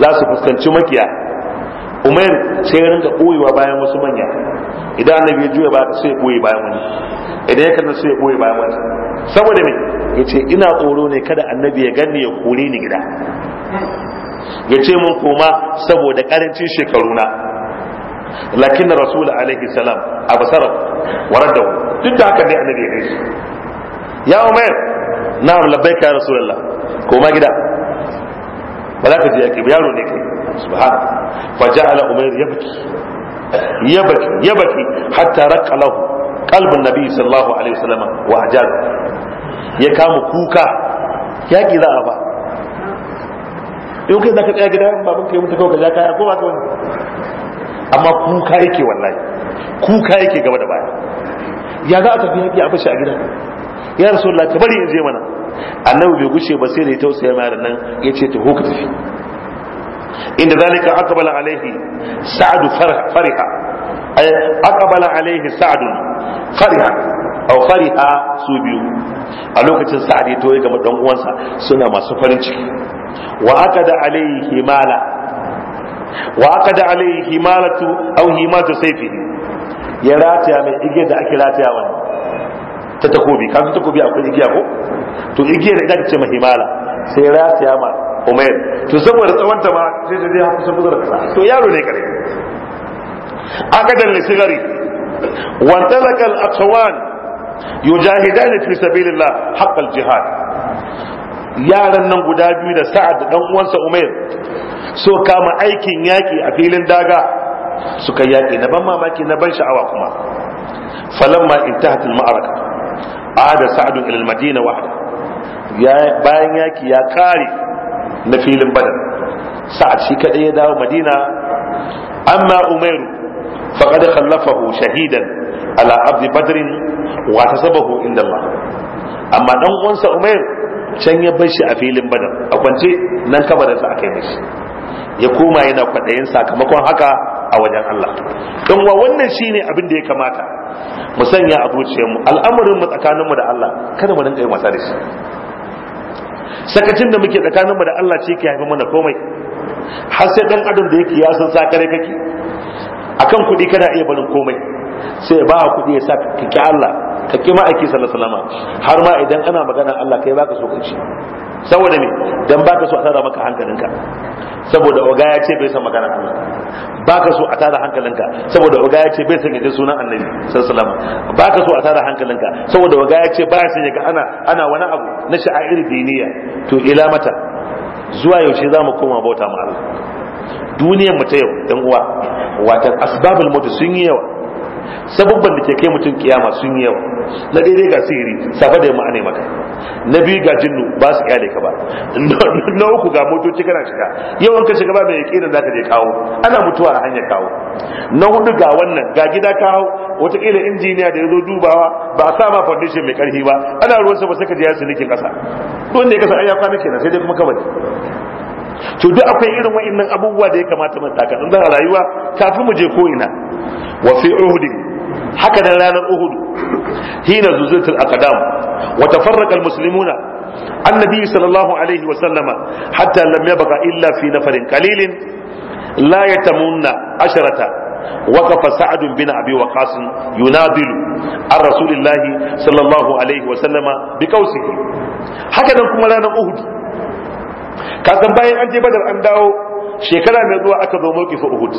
za su fuskanci makiya Umar sai ya rinka koyewa bayan wasu manya idan annabi ya juya ba sai ya boye bayan wani idan ya kalla sai ya boye bayan wani saboda me yace ina tsoro ne kada annabi ya ganni ya kore ni gida yace mun koma saboda karancin shekaru na lakin rasul alaihi salam abasara waradahu duk da haka dai annabi ya gaishe ya umar na'am labbaika ya rasulullah koma gida ba za ka je ba yaro ne kai subhana fa ja'ala umar yabki ya baki hatta raqqa lahu qalbun nabi sallallahu alaihi wasallam wa ajaz ya kama kuka ya ki za a ba in kai zaka tsaya gida baban kai mutu kawai ka ja kaya ko ba ka wani amma kuka yake wallahi kuka yake gaba da baya ya za a tafi yaki a bashi a gida ya rasu Allah ka bari in je mana annabi bai gushe ba sai da ya tausaya ma nan ya ce ta ka tafi inda zalika aqbala alaihi sa'adu fariha ay aqbala alaihi sa'adu fariha aw fariha su biyu a lokacin sa'ad ya toye gaba dan uwansa suna masu farin ciki wa akada alaihi himala wa akada alaihi himalatu aw himatu sayfihi ya rataya mai igiyar da ake rataya wani ta takobi kafin takobi akwai igiya ko to igiyar da ita ce mahimala sai rataya ma umair to saboda tsawon ta ma sai da ya kusa kusa da kasa to yaro ne kare akadan ne sigari wa talaka al aqwan yujahidan fi sabilillah haqq al jihad yaran nan guda biyu da sa'ad da dan uwansa umar, so kama aikin yaki a filin daga suka yaki na ban mamaki na ban sha'awa kuma falamma intahat al ma'araka ada sa'ad ila al madina wahda bayan yaki ya kare na filin badar sa'ad shi kadai ya dawo madina amma umairu faqad khallafahu shahidan ala abd badr wa tasabahu inda Allah amma dan uwansa umair can ya bar shi a filin badar a kwance nan sa aka yi mishi ya koma yana kwaɗayin sakamakon haka a wajen Allah don wa wannan shine abin da ya kamata mu sanya a zuciyarmu al'amarin mu tsakaninmu da Allah kada mu dinga yin wasa da shi sakacin da muke tsakanin mu da Allah ce ke haifa mana komai har sai dan adam da yake ya san sakare kake akan kuɗi kana iya barin komai sai ba ka kuɗi ya sa ka ki Allah ka ki ma'aiki sallallahu alaihi har ma idan ana magana Allah kai baka so saboda me dan baka so a tara maka hankalinka saboda oga ya ce bai san magana Allah baka so a tara hankalinka saboda oga ya ce bai san yaje sunan Annabi sallallahu alaihi wasallam baka so a tara hankalinka saboda oga ya ce ba ya san yaga ana ana wani abu na sha'air diniya to ila mata zuwa yaushe zamu koma bauta mu Allah duniyar mu ta yau dan uwa wato asbabul mutu sun yi yawa sababban da ke kai mutum kiyama sun yi yawa na daidai ga sihiri safa da yamma ne maka na biyu ga jinnu ba su kyale ka ba na uku ga motoci kana shiga yau an ka shiga ba mai yakinin zaka je kawo ana mutuwa a hanyar kawo na hudu ga wannan ga gida kawo wataƙila injiniya da ya zo dubawa ba a sa ma foundation mai karfi ba ana ruwan sa ba sai ka je ya kasa don ne kasa ayyuka nake na sai dai kuma kawai to duk akwai irin wa'annan abubuwa da ya kamata mu taka dan a rayuwa kafin mu je ko ina wa fi haka dan ranar uhud hina zuzutul aqdam wa tafarraqa almuslimuna annabi sallallahu alaihi wa sallama hatta lam yabqa illa fi nafarin qalilin la yatamunna asharata وقف سعد بن ابي وقاص ينادل عن رسول الله صلى الله عليه وسلم بقوسه هكذا كما ranar Uhud. kasan bayan an je badar an dawo shekara mai zuwa aka zo mulki fa uhud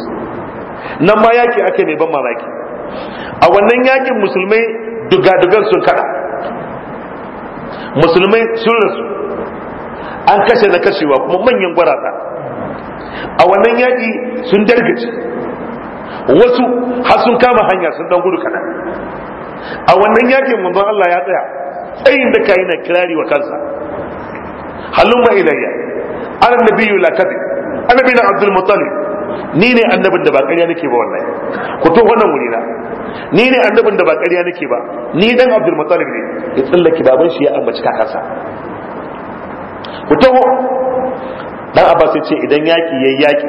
nan ma yaki ake mai ban mamaki a wannan yakin musulmai dugadugan sun kada musulmai sun rasu an kashe na kashewa kuma manyan gwarata a wannan yaki sun dargace wasu har sun kama hanya sun dan gudu kada a wannan yakin manzon Allah ya tsaya tsayin da kayi na kirari wa kansa halumma ilayya ana nabiyyu la kadhib ana na abdul muttalib ni ne annabin da ba ƙarya nake ba wallahi ku to wannan wuri na ni ne annabin da ba ƙarya nake ba ni dan Abdul Muttalib ne ya tsalla baban shi ya ambaci kakansa ku to dan Abbas ya ce idan yaki yayi yaki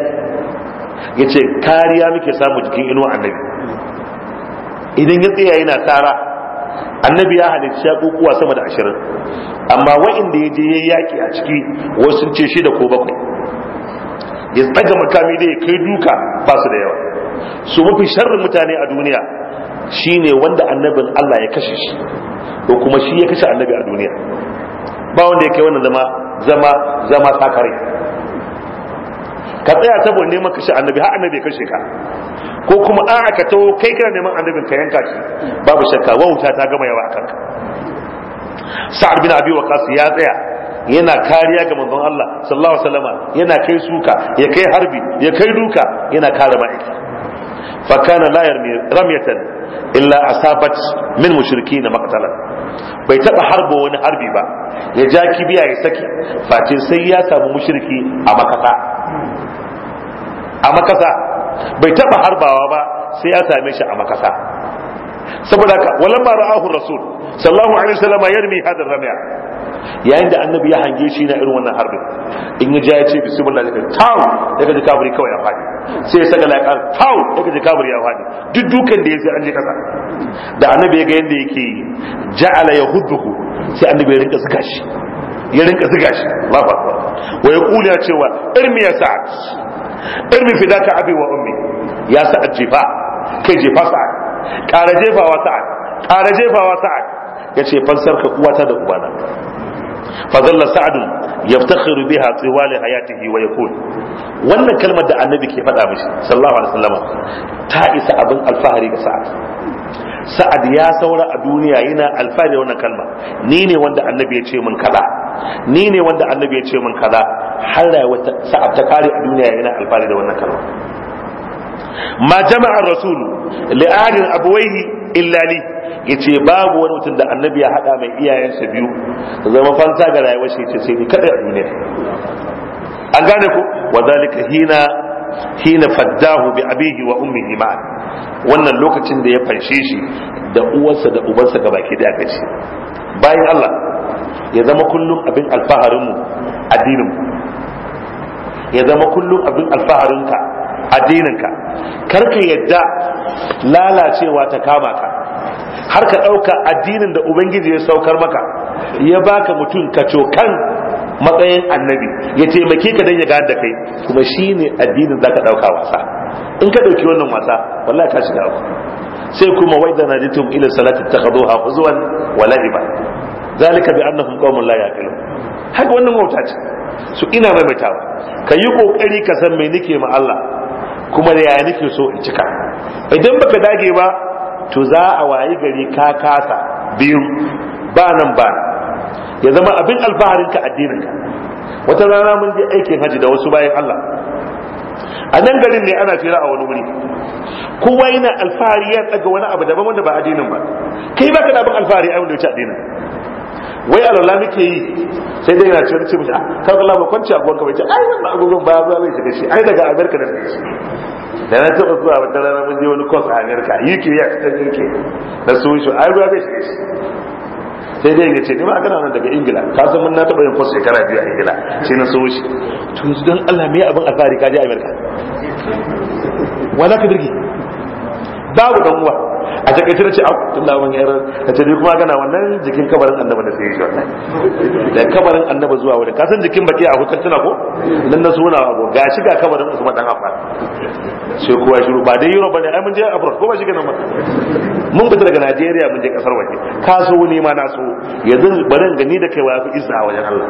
ya ce kariya muke samu jikin inuwa annabi idan ya tsaya yana tsara annabi ya halicci ya sama da ashirin amma wa'inda ya je ya yaki a ciki wasu sun ce da ko bakwai ya tsaga makami da ya kai duka ba su da yawa su mafi sharrin mutane a duniya shine wanda annabin Allah ya kashe shi ko kuma shi ya kashe annabi a duniya ba wanda ya kai wannan zama zama zama sakare ka tsaya saboda neman kashe annabi har annabi ya kashe ka ko kuma an aka taho kai kana neman annabin ka yanka shi babu shakka wauta ta gama yawa akan ka sa'ad bin abi waqas ya tsaya yana kariya ga manzon Allah sallallahu alaihi wasallama yana kai suka ya kai harbi ya kai duka yana kare ma'aiki fa kana la yarmi ramyatan illa asabat min mushrikin maqtalan bai taba harbo wani harbi ba ya ja kibiya ya saki fatin sai ya samu mushriki a makasa a makasa bai taba harbawa ba sai ya same shi a makasa saboda wala walamma ra'ahu rasul sallallahu alaihi wasallam yarmi hada rami'a yayin da annabi ya hange shi na irin wannan harbin in ya ja ya ce bismillah ya taw daga ji kaburi kawai ya fadi sai ya saka laƙar taw daga ji kaburi ya fadi duk dukan da ya sai an je kasa da annabi ya ga yanda yake ja'ala yahudduhu sai annabi ya rinka zuga shi ya rinka zuga shi Allahu akbar wa yaqulu ya cewa irmi ya sa'ad irmi fidaka abi wa ummi ya sa'ad jifa kai jefa sa'ad ƙara jefawa sa'ad ƙara jefawa sa'ad ya ce fansar ka uwata da ubana fazalla sa'adun yaftakhiru biha tiwal hayatihi wa yakun wannan kalmar da annabi ke faɗa mishi sallallahu alaihi wasallam ta isa abin alfahari ga sa'ad sa'ad ya saura a duniya yana alfahari da wannan kalma ni ne wanda annabi ya ce min kaza ni ne wanda annabi ya ce min kaza har rayuwar sa'ad ta kare a duniya yana alfahari da wannan kalma ma جمع الرسول لآل أبويه إلا لي yace babu wani mutum da annabi ya haɗa mai iyayensa biyu zama fanta ga rayuwar shi ce sai kada a duniya an gane ku zalika hina hina faddahu bi abihi wa ummihi ma wannan lokacin da ya fanshe shi da uwarsa da ubansa ga baki da kace bayan Allah ya zama kullum abin alfaharinmu addininmu ya zama kullum abin alfaharinka addininka karka yadda lalacewa ta kama ka har ka ɗauka addinin da ubangiji ya saukar maka ya baka mutum ka cokan matsayin annabi ya taimake ka don ya gane da kai kuma shi ne addinin za ka ɗauka wasa in ka ɗauki wannan wasa wallahi ka shiga uku sai kuma wai da na jitum ila salati ta kazo haku zuwan wala'iba zalika bi annahum qaumun la yaqilun haka wannan wauta ce su ina maimaitawa ka yi kokari ka san me nake ma Allah kuma da yaya nake so in cika idan baka dage ba to za a wayi gari ka kasa biyu ba nan ba ya zama abin alfaharin ka addinin ka wata rana mun je aikin haji da wasu bayan Allah a nan garin ne ana fira a wani wuri kowa yana alfahari ya tsaga wani abu daban wanda ba addinin ba kai baka da abin alfahari a wanda wuce addinin wai alwala muke yi sai dai yana cewa ce mishi a ah, kaga Allah ba kwanci a gwanka bai ce ai wannan agogon ba za zai shiga shi ai daga Amerika da shi da na taba zuwa wata rana mun je wani kwas a amerika UK ya ta UK na sun shi ai ba zai shiga shi sai dai ya ce ni ma kana nan daga Ingila ka san mun na taba yin kwas shekara biyu a Ingila sai na sun shi Tun don dan Allah me abin alfahari ka je Amerika. wala ka birgi babu dan uwa a takaice na ce abu tun da yara da na ce kuma gana wannan jikin kabarin annaba da sai shi wannan da kabarin annaba zuwa wani kasan jikin baki a hukar tuna ko nan na suna abu ga shi ga kabarin su dan afa sai kowa shiru ba dai yuro bane ai mun je abroad ko ba shi ganin ba mun fita daga najeriya mun je kasar waje ka so ma na so yanzu barin gani da kai wa fi isa a wajen allah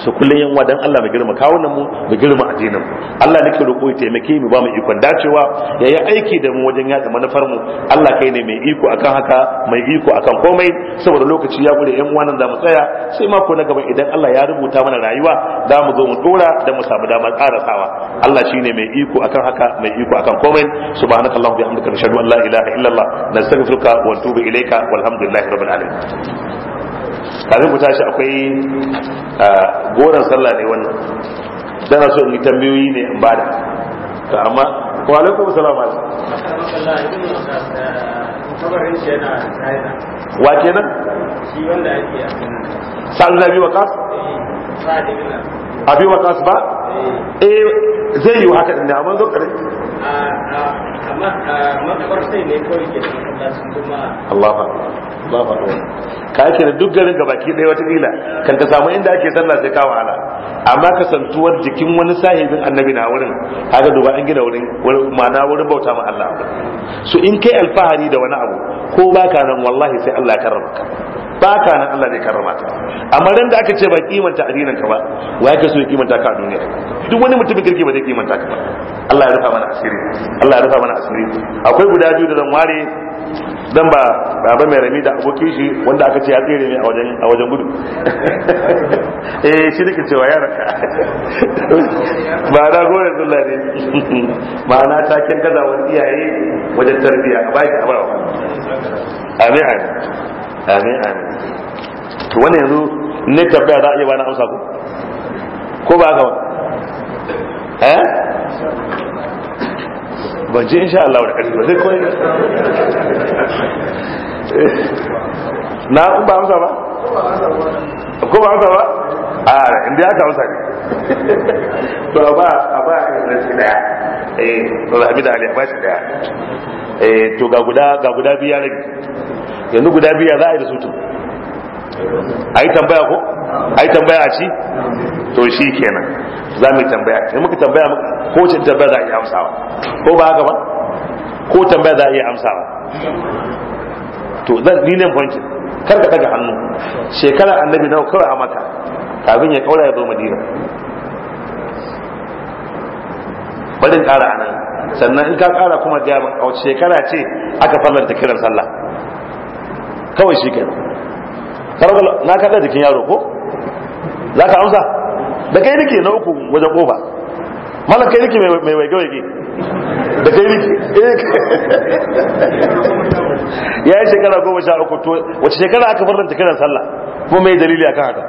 su kullum yan dan Allah mu girma kawunan mu mu girma addinin mu Allah nake roƙo ya taimake mu ba mu ikon dacewa ya yi aiki da mu wajen yaɗa manufar mu Allah kai ne mai iko akan haka mai iko akan komai saboda lokaci ya gure yan wannan da mu tsaya sai mako na gaba idan Allah ya rubuta mana rayuwa za mu zo mu dora da mu samu damar karasawa Allah shine mai iko akan haka mai iko akan komai subhanakallahu bihamdika ashhadu an la ilaha illallah nastaghfiruka wa atubu ilayka walhamdulillahi rabbil alamin kafin ku tashi akwai goran sallah ne wannan dana so in tambayoyi ne in bada to amma wa alaikum salam wa kenan shi wanda ake sa'ad da biyu wakas abi wakas eh, ba eh, eh zai yi haka ne amma zo kare Allah ka ake da duk garin gabaki ɗaya watakila kan ka samu inda ake sallah sai ka wahala amma kasantuwar jikin wani sahibin annabi na wurin haka duba an gina wurin ma'ana wurin bauta ma Allah so in kai alfahari da wani abu ko baka nan wallahi sai Allah ya karrama ka ba ka nan Allah zai karrama ta amma dan da aka ce ba kimanta addinin ka ba wa yake so ya kimanta ka a duniya duk wani mutumin kirki ba zai kimanta ka ba Allah ya rufa mana asiri Allah ya rufa mana asiri akwai guda biyu da zan ware dan ba baba mai rami da abokin shi wanda aka ce ya tsere ne a wajen a wajen gudu *laughs* eh shi nake cewa ya raka ba *laughs* na gore zulla ne *laughs* ma'ana taken kaza wani iyaye wajen tarbiyya ba shi abawa amin amin amin to wannan yanzu ne tabbaya za a iya bana amsa ko ko ba haka ba eh ban ji insha Allah da ƙarfi ba zai koyi eh, na ku ba amsa ba ko ba amsa ba a inda ka amsa ne to ba a ba a kan rashi daya eh to da hamida ali ba shi daya Eh, to ga guda ga guda biya ne yanzu guda biya za a yi da sutu to a yi tambaya ko a yi tambaya a ci to shi kenan za mu yi tambaya ne muka tambaya ko ce tambaya za a iya amsawa ko ba haka ba ko tambaya za a iya amsawa to zan ni ne bankin kar ka daga hannu shekarar annabi nawa kawai a maka kafin ya kaura ya zo madina barin kara anan sannan in ka kara kuma da a shekara ce aka da kiran sallah kawai shi kai sarrafa na kaɗa jikin yaro ko za ka amsa da kai nake na uku wajen kofa malam kai nake mai waige waige da kai nake eh. *laughs* ya yi shekara goma sha uku to wace shekara aka da kiran sallah kuma mai dalili akan haka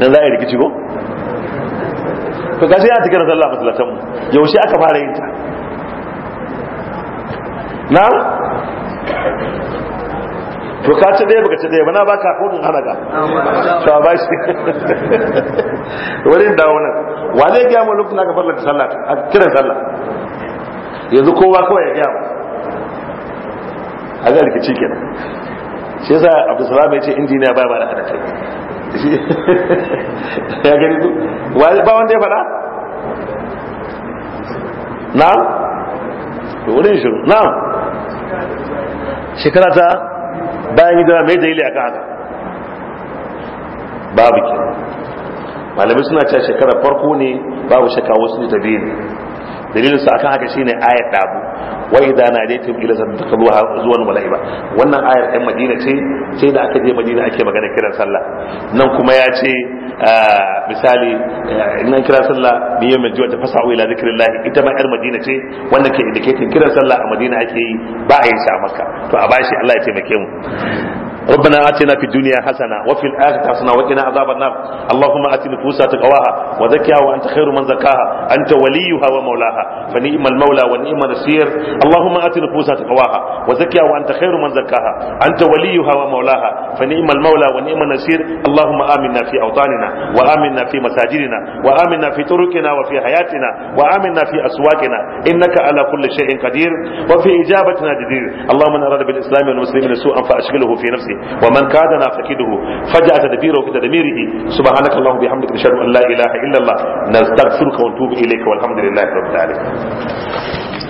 dan za a yi rikici ko to gashi ya tikira sallah masallatan mu yaushe aka fara yin ta na to ka ce dai baka ce dai bana baka hudun hana ka to ba shi wurin da wannan wa zai gaya na lokacin aka ta sallah a kiran sallah yanzu kowa kawai ya gaya mu a ga rikici kenan shi yasa abdulsalam ya ce injiniya ba ba da hada kai ya gani su ba wanda ya fada na wurin shiru na shekara ta bayan hijira mai dalili a kan haka babu ke malamai suna cewa shekarar farko ne babu shakka wasu ne tabi ne dalilin su akan haka shine ayat dabu wa idza nadaytum ila sadaqatuha zuwan wa la'iba wannan ayar ɗan madina ce sai da aka je madina ake magana kiran sallah nan kuma ya ce ah, misali eh, nan kiran sallah bi yawmin juma'a ta fasa'u ila zikrillah ita ma yar madina ce wanda ke indicating kiran sallah a madina ake yi ba a yi sa makka to a bashi Allah ya taimake mu ربنا آتنا في الدنيا حسنة وفي الآخرة حسنة وقنا عذاب النار اللهم آت نفوسها تقواها وزكها وأنت خير من زكاها أنت وليها ومولاها فنعم المولى ونعم النصير اللهم آت نفوسها تقواها وزكها وأنت خير من زكاها أنت وليها ومولاها فنعم المولى ونعم النصير اللهم آمنا في أوطاننا وآمنا في مساجدنا وآمنا في طرقنا وفي حياتنا وآمنا في أسواقنا إنك على كل شيء قدير وفي إجابتنا جدير اللهم من أراد بالإسلام والمسلمين سوءا فأشغله في نفسه ne wa man kada na fakiduhu faja'a tadbiru fi tadmirihi subhanaka allahumma bihamdika ashhadu an la ilaha illa allah nastaghfiruka wa natubu ilayka walhamdulillahi rabbil alamin